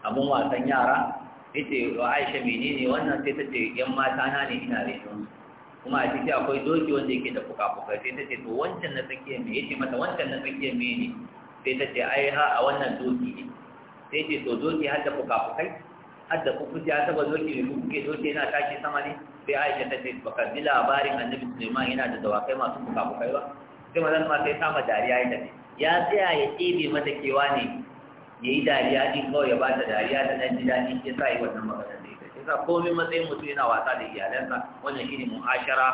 Speaker 2: abun wasan yara ita wa Aisha menene wannan sai ta ce yan mata na ne ina renon kuma a ciki akwai doki wanda yake da fuka-fuka sai ta ce to wancan na tsakiyar me ce mata wancan na tsakiyar me ne sai ta ce ai ha a wannan doki ne sai ce to doki har da fuka-fukai adda kuku ya taba doke ne kuke doke yana tashi sama ne sai aisha ta ce baka ji labarin annabi suleiman yana da dawakai masu bukabukai ba sai mazan ma sai sama dariya ya tafi ya tsaya ya ɗebe mata kewa ne ya yi dariya din kawai ya ba ta dariya da ɗan ji daɗi ya sa yi wannan magana da ita shi sa komai matsayin mutum yana wasa da iyalansa wannan shine mu'ashara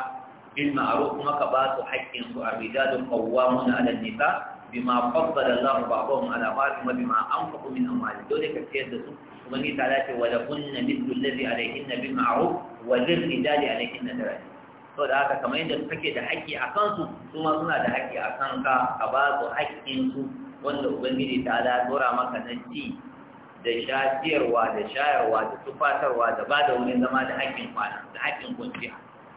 Speaker 2: bil ma'ruf kuma ka ba su haƙƙin su arrijalu qawwamuna 'ala an-nisa bima faddala Allahu ba'dahum 'ala ba'd wa bima anfaqu min amwalihim dole ka ciyar da su ومن تعالى ولهن مثل الذي عليهن بالمعروف وللرجال عليهن درجة to da haka kamar yadda suke da haƙƙi a kansu su ma suna da haƙƙi a kanka ka ba su haƙƙinsu wanda ubangiji ta ala dora maka na ci da shafiyarwa da shayarwa da tufatarwa da ba da wurin zama da haƙƙin kwana da haƙƙin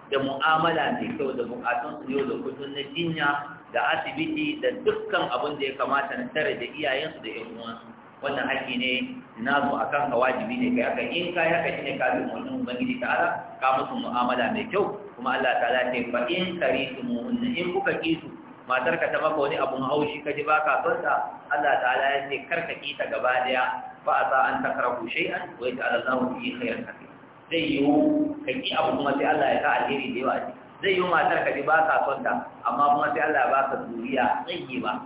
Speaker 2: da mu'amala mai kyau da bukatun su yau da kullum na jinya da asibiti da dukkan abin da ya kamata na tare da iyayensu da ƴan uwansu wannan haƙƙi ne nasu akan ka wajibi ne kai aka in kai haka shine ka bi umarnin ubangiji ala. ka musu mu'amala mai kyau kuma Allah ta'ala ce fa in karitumu in kuka kisu matar ka ta maka wani abun haushi ka ji ba ka son ta Allah ta'ala ya ce kar ka ki ta gaba ɗaya. Ba a sa an takrahu shay'an wa yaj'al Allahu fihi khayran kathira zai yiwu ka ki abu kuma sai Allah ya sa alheri da yawa zai yiwu matar ka ji ba ka son ta amma kuma sai Allah ya ba ka zuriya tsayi ba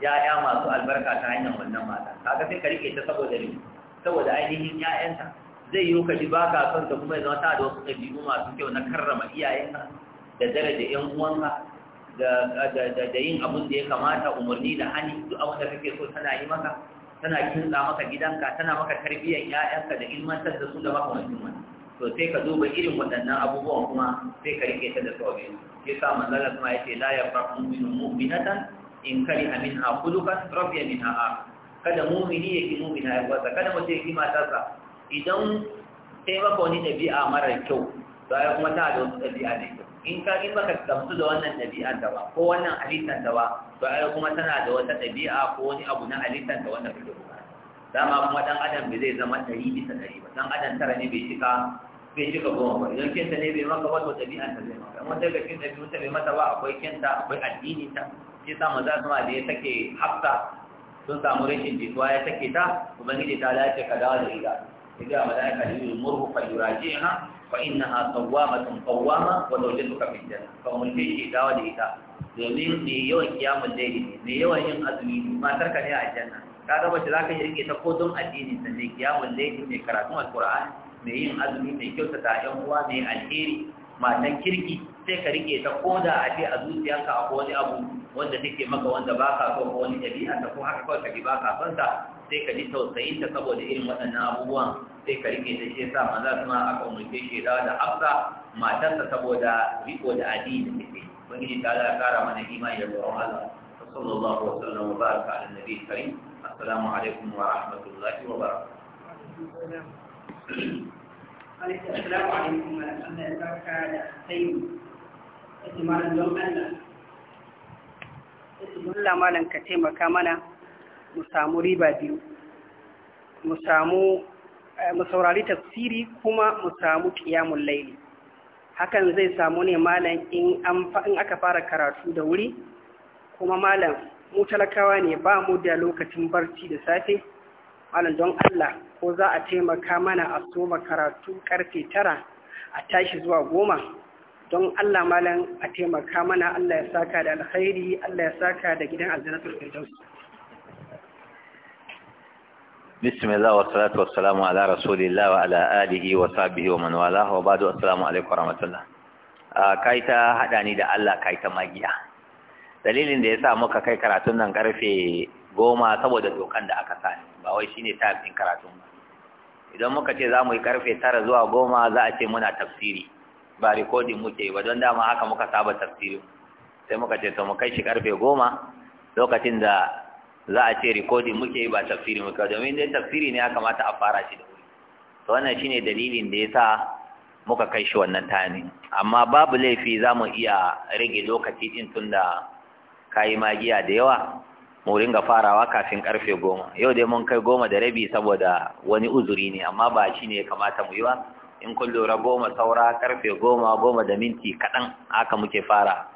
Speaker 2: ya'ya masu albarka ta hanyar wannan mata kaga sai ka rike ta saboda ne saboda ainihin ya'yanta zai yi ka ji ba ka son ta kuma zama ta da wasu ɗabi'u masu kyau na karrama iyayenka da daraja ƴan uwanka da yin abin da ya kamata umarni da hani duk abin da kake so tana yi maka tana kinsa maka gidanka tana maka tarbiyyar 'ya'yanka da ilmantar da su da maka wani wani to sai ka duba irin waɗannan abubuwan kuma sai ka rike ta da sauƙi shi sa manzala kuma ya ce la ya fara mu'minatan in kari amin ha kulukan rafiya min ha'a kada mumini ya ki mumina ya wasa kada mace ya ki matarsa idan sai maka wani ɗabi'a mara kyau to ai kuma ta da wasu ɗabi'a mai kyau in ka in baka gamsu da wannan ɗabi'ar da ba ko wannan halittar da ba to ai kuma tana da wata ɗabi'a ko wani abu na halittar da wannan kake bukata dama kuma dan adam bai zai zama ɗari bisa ɗari ba dan adam tara ne bai cika bai cika goma ba idan kenta ne bai maka ba to ɗabi'ar ta zai maka amma daga kenta ɗabi'un ta bai mata ba akwai kenta akwai addini ta shi sa maza sama da ya take hafsa sun samu rashin jituwa ya take ta ubangiji ta lace ka dawo da ita ya ga malaika da yuri murhu fa yuraji'ha fa innaha qawwamatun qawwama wa zawjatuka fil janna fa mun ce shi dawo da ita domin me yawan kiyamul ne, me yawan yin azumi matar ka ne a janna kaga mace zaka yi rike ta ko don addini ta ne kiyamul layli ne karatun alqur'an me yin azumi mai kyautata yan uwa ne alheri matan kirki sai ka rike ta koda a ce a zuciyarka akwai wani abu wanda take maka wanda ba ka so ko wani ɗabi'a ta ko haka kawai ka ji ba ka son ta sai ka ji tausayin ta saboda irin waɗannan abubuwan sai ka rike ta shi maza suna aka umarce shi da da hafsa matarsa saboda riko da addini da take ne ta Allah kara mana imani da tsoron Allah sallallahu alaihi wa sallam wa baraka ala nabi karim assalamu alaikum wa rahmatullahi wa barakatuh
Speaker 3: alaikum assalamu alaikum wa rahmatullahi Allah malam ka taimaka mana mu samu riba biyu mu samu eh, mu saurari tafsiri kuma mu samu kiyamun laili hakan zai samu ne malam in aka fara karatu da wuri kuma malam mu talakawa ne ba mu da lokacin barci da safe malam don Allah ko za a taimaka mana a soma karatu karfe tara a tashi zuwa goma don Allah malam a taimaka mana Allah ya saka da alkhairi Allah ya saka da gidan aljannatul firdaus
Speaker 2: bismillah wa salatu wa salamu ala rasulillah wa ala alihi wa sahbihi wa man wala wa ba'du assalamu alaikum wa rahmatullah kai ta hada ni da Allah kai ta magiya dalilin da ya sa muka kai karatun nan karfe goma saboda dokan da aka sani ba wai shine ta karatun ba idan muka ce za mu yi karfe tara zuwa goma za a ce muna tafsiri ba rikodin muke yi ba don dama haka muka saba tafsiri sai muka ce to mu kai shi karfe goma lokacin da za a ce rikodin muke yi ba tafsiri muke domin dai tafsiri ne ya kamata a fara shi da wuri to wannan shine dalilin da yasa muka kai shi wannan tani amma babu laifi za mu iya rage lokaci din tun da kayi magiya da yawa mu ringa farawa kafin karfe goma yau dai mun kai goma da rabi saboda wani uzuri ne amma ba shine ya kamata mu yi ba in kun lura goma saura karfe goma goma da minti kaɗan haka muke fara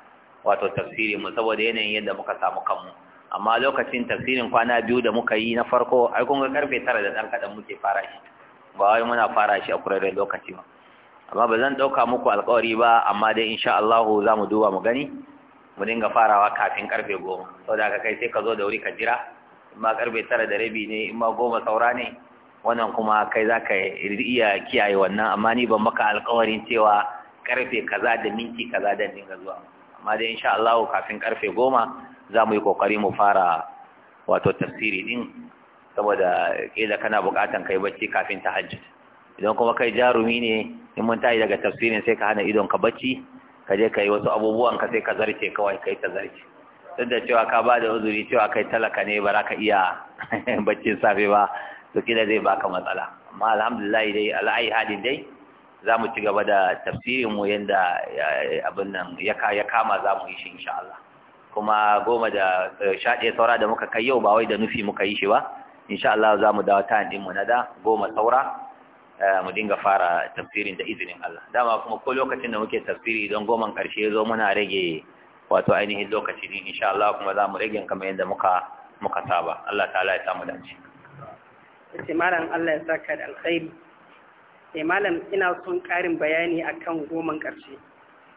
Speaker 2: wato tafsiri mu saboda yanayin yadda muka samu kanmu amma lokacin tafsirin kwana biyu da muka yi na farko ai kun ga karfe tara da ɗan kaɗan muke fara shi ba wai muna fara shi a kurarren lokaci ba amma ba zan ɗauka muku alkawari ba amma dai insha Allah za mu duba mu gani mu dinga farawa kafin karfe goma saboda haka kai sai ka zo da wuri ka jira in ma karfe tara da rabi ne in ma goma saura ne wannan kuma kai za ka iya kiyaye wannan amma ni ban maka alkawarin cewa karfe kaza da minti kaza da dinga zuwa amma dai insha Allah kafin karfe goma za mu yi kokari mu fara wato tafsiri din saboda kila kana bukatan kai bacci kafin tahajjud idan kuma kai jarumi ne in mun tayi daga tafsirin sai ka hana idon ka bacci ka je kai wasu abubuwan ka sai ka zarce kawai kai ta zarce duk da cewa ka ba da uzuri cewa kai talaka ne ba za ka iya baccin safe ba to kila zai baka matsala amma alhamdulillah dai alai hadin dai zamu mu ci gaba da tafsirin mu yanda abin nan ya kama za yi shi insha Allah kuma goma da eh, shade saura da muka kai yau ba wai da nufi muka yi shi ba insha Allah za mu dawo ta ɗin mu na da goma saura eh, mu dinga fara tafsirin da izinin Allah dama kuma ko lokacin da muke tafsiri don goman karshe zo muna rage wato ainihin lokaci din insha Allah kuma za rage kamar yanda muka muka saba Allah ta'ala ya samu dace
Speaker 3: yace malam Allah ya saka da alkhairi eh malam ina son karin bayani akan goman karshe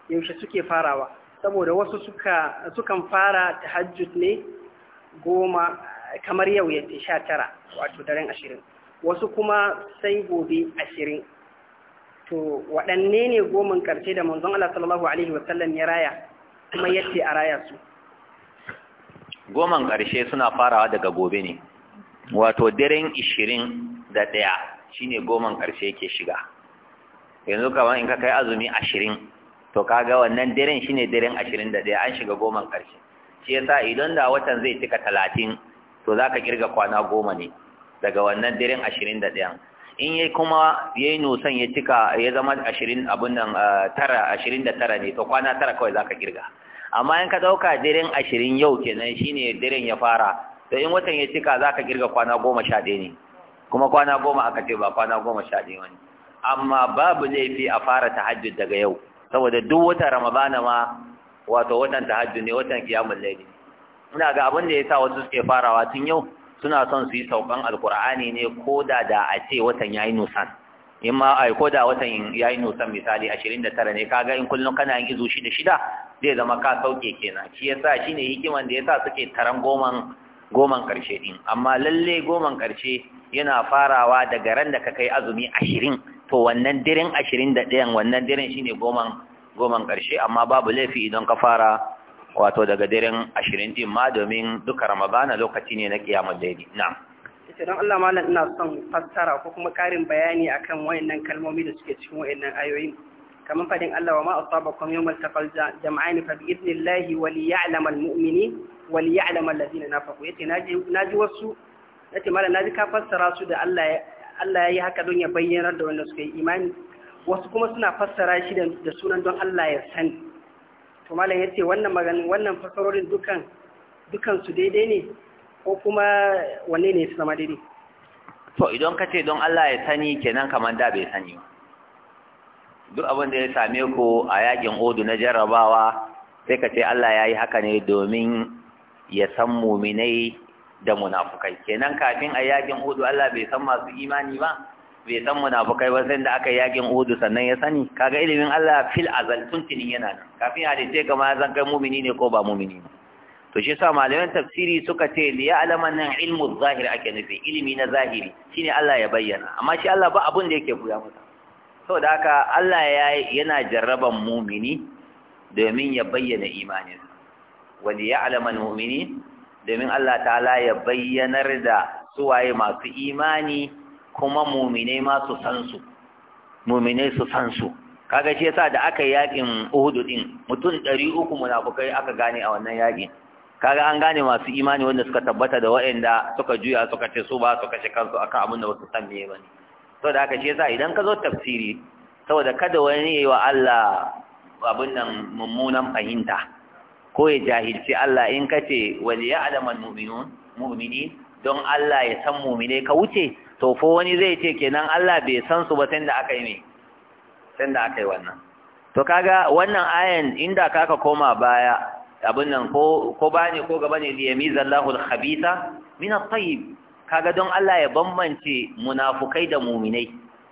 Speaker 3: yaushe suke farawa saboda wasu suka sukan fara tahajjud ne goma kamar yau ya sha tara wato daren ashirin wasu kuma sai gobe ashirin to waɗanne ne goman ƙarshe da manzon Allah sallallahu alaihi Sallam ya raya kuma yace a raya su
Speaker 2: goman ƙarshe suna farawa daga gobe ne wato daren ishirin da ɗaya shi ne goman ƙarshe ke shiga yanzu kamar in ka kai azumi ashirin to kaga wannan daren shi ne daren ashirin da ɗaya an shiga goman ƙarshe shi yasa idan da watan zai cika talatin to za ka ƙirga kwana goma ne daga wannan daren ashirin da ɗaya in yai kuma ya yi nusan ya cika ya zama ashirin abin nan tara ashirin da tara ne to kwana tara kawai za ka ƙirga amma in ka ɗauka daren ashirin yau kenan shine ne daren ya fara da in watan ya cika za ka girga kwana goma sha ɗaya ne kuma kwana goma aka ce ba kwana goma sha ɗaya wani amma babu laifi a fara tahajjud daga yau saboda duk watan ramadana ma wato watan tahajjud ne watan kiyamun laifi. ina ga abin da ya sa wasu suke farawa tun yau suna son su yi saukan alkur'ani ne ko da da a ce watan yayi nusan in ma ai ko da watan yayi nusan misali 29 ne kaga in kullun kana yin izu shida shida zai zama ka sauke kenan shi yasa shine hikiman da yasa suke taran goman goman ƙarshe ɗin amma lalle goman ƙarshe yana farawa daga ran da ka kai azumi ashirin to wannan diren ashirin da ɗayan wannan diren shine goman goman ƙarshe amma babu laifi idan ka fara wato daga diren ashirin ɗin ma domin duka ramadana lokaci ne na kiyama daidai na'am
Speaker 3: ce don Allah malam ina son fassara ko kuma karin bayani akan wayannan kalmomi da suke cikin wayannan ayoyin kamar fadin Allah wa ma asabakum yawmal taqal jam'ani fa bi idnillahi wa liya'lamal mu'minin wal ya'lam allazina nafaqu yace naji ji wasu yace malam naji ka fassara su da Allah Allah yayi haka don ya bayyana da wanda suka yi imani wasu kuma suna fassara shi da sunan don Allah ya sani to malam yace wannan maganin wannan fassarorin dukan dukan su daidai ne ko kuma wanne ne su zama daidai
Speaker 2: to idan ka ce don Allah ya sani kenan kamar da bai sani ba duk abin da ya same ku a yakin odu na jarrabawa sai ka ce Allah ya yi haka ne domin ya san muminai da munafukai kenan kafin a yakin hudu Allah bai san masu imani ba bai san munafukai ba sai da aka yakin hudu sannan ya sani kaga ilimin Allah fil azal tuntuni yana nan kafin a dace kama zan kai mumini ne ko ba mumini ba to shi yasa malaman tafsiri suka ce li ya'laman nan ilmu zahir ake nufi ilimi na zahiri shine Allah ya bayyana amma shi Allah ba abun da yake buya masa saboda haka Allah ya yana jarraban mumini domin ya bayyana imaninsa wani ya alaman mummini? domin Allah ta'ala ya bayyanar da suwaye masu imani kuma muminai ma su san su muminai su san su kaga shi yasa da aka yi yakin uhudu din mutum 300 munafukai aka gane a wannan yakin kaga an gane masu imani wanda suka tabbata da waɗanda suka juya suka ce su ba suka shi kansu akan abin da wasu san meye bane Sau da aka ce yasa idan ka zo tafsiri saboda kada wani yayi wa Allah abin nan mummunan fahimta ko ya jahilci Allah in ka ce wani ya alaman mumini don Allah ya san mumine ka wuce to fa wani zai ce kenan Allah bai san su ba sai da aka yi ne sai da aka yi wannan to kaga wannan ayan inda kaka koma baya abin nan ko ko bane ko gaba ne liyami zallahu al-khabitha min at-tayyib kaga don Allah ya bambance munafukai da muminai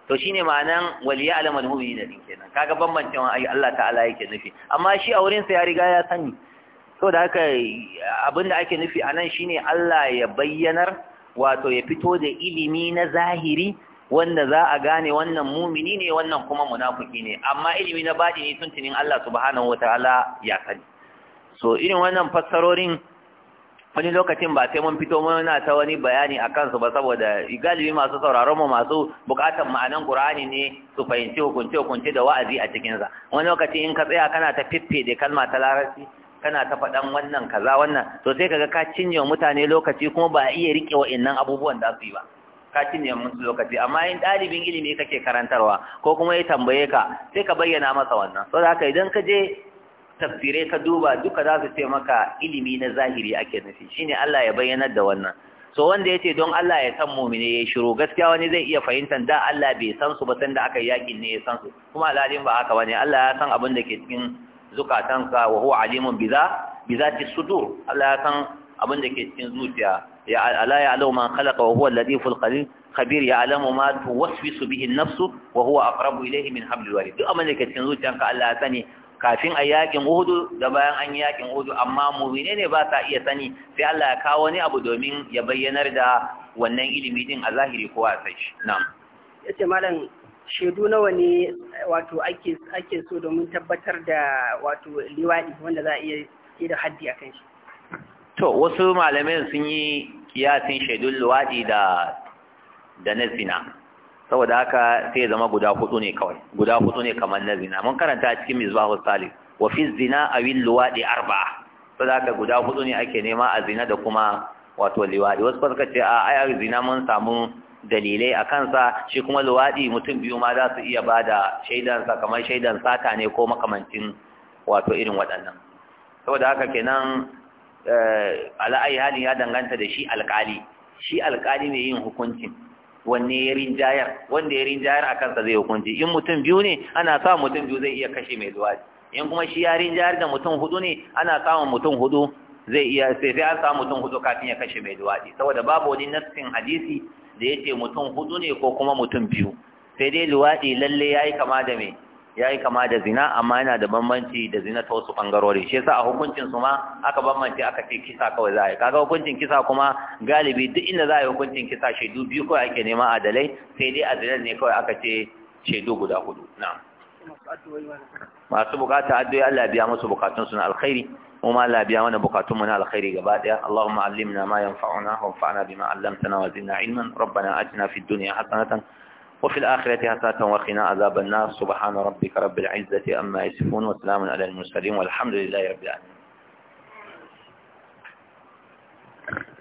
Speaker 2: to shine ma'anan waliya alamal mu'minin din kenan kaga bambancewa ai Allah ta'ala yake nufi amma shi a wurin sa ya riga ya sani so da haka da ake nufi a nan shine Allah ya bayyanar wato ya fito da ilimi na zahiri wanda za a gane wannan mumini ne wannan kuma munafiki ne amma ilimi na ne tuntunin Allah subhanahu wataala ya sani so irin wannan fassarorin wani lokacin ba sai mun fito muna ta wani bayani a kansu ba saboda galibi masu sauraron mu masu bukatar ma'anan Qur'ani ne su fahimci hukunce hukunce da wa'azi a cikinsa. wani lokacin in ka tsaya kana ta fiffe da kalma ta larabci kana ta faɗan wannan kaza wannan to sai kaga ka cinye mutane lokaci kuma ba iya rike wa'annan abubuwan da su yi ba ka cinye musu lokaci amma in ɗalibin ilimi kake karantarwa ko kuma ya tambaye ka sai ka bayyana masa wannan So da haka idan ka je tafsirai ka duba duka za su ce maka ilimi na zahiri ake nufi shine Allah ya bayyanar da wannan so wanda yace don Allah ya san mu'mini ya shiru gaskiya wani zai iya fahimtar da Allah bai san su ba san da aka yakin ne ya san su kuma alalin ba haka bane Allah ya san abin da ke cikin zukatansa wa huwa alimun bi zati sudur Allah ya san abin da ke cikin zuciya ya ala ya alau man khalaqa wa huwa al-latiful qadir khabir ya alamu ma tuwaswisu bihi an-nafs wa huwa aqrabu ilayhi min hablil warid duk abin da ke cikin zuciyanka Allah ya sani kafin a yakin Uhud da bayan an yakin Uhud amma mu ne ba sa iya sani sai Allah ya kawo wani abu domin ya bayyanar da wannan ilimi din a zahiri kowa sai na'am
Speaker 3: yace malam shaidu nawa ne wato ake so domin tabbatar da wato liwadi wanda za a iya yi da haddi a kan shi
Speaker 2: to wasu malamai sun yi kiyasin shaidun luwadi da da na zina saboda haka sai ya zama guda hudu ne kawai guda hudu ne kamar na zina mun karanta a cikin misbahus salih wa fi zina awil luwadi arba saboda haka guda hudu ne ake nema a zina da kuma wato liwadi wasu suka ce a ai zina mun samu dalilai a kansa shi kuma luwaɗi mutum biyu ma za su iya ba da shaidansa kamar shaidan sata ne ko makamancin wato irin waɗannan saboda haka kenan eh, ala'ayi halin ya danganta da shi alƙali shi alƙali ne yin hukuncin wanne ya rinjayar wanda ya rinjayar a kansa zai hukunci in mutum biyu ne ana sa mutum biyu zai iya kashe mai zuwa in kuma shi ya rinjayar da mutum hudu ne ana samun mutum hudu zai iya sai sai an samu mutum hudu kafin ya kashe mai luwaɗi saboda babu wani nassin hadisi da ya ce mutum hudu ne ko kuma mutum biyu sai dai luwaɗi lalle ya yi kama da me ya yi kama da zina amma yana da bambanci da zina ta wasu ɓangarori shi yasa a hukuncin su ma aka bambance aka ce kisa kawai za a yi kaga hukuncin kisa kuma galibi duk inda za a yi hukuncin kisa shaidu biyu kawai ake nema adalai sai dai a ne kawai aka ce shaidu guda hudu na masu bukata addu'o'i Allah biya musu bukatun su na alkhairi وما لا بيا وانا بقاتمنا على خير جبادة اللهم علمنا ما ينفعنا وانفعنا بما علمتنا وزدنا علما ربنا أتنا في الدنيا حسنة وفي الآخرة حسنة وقنا عذاب النار سبحان ربك رب العزة أما يسفون وسلام على المرسلين والحمد لله رب العالمين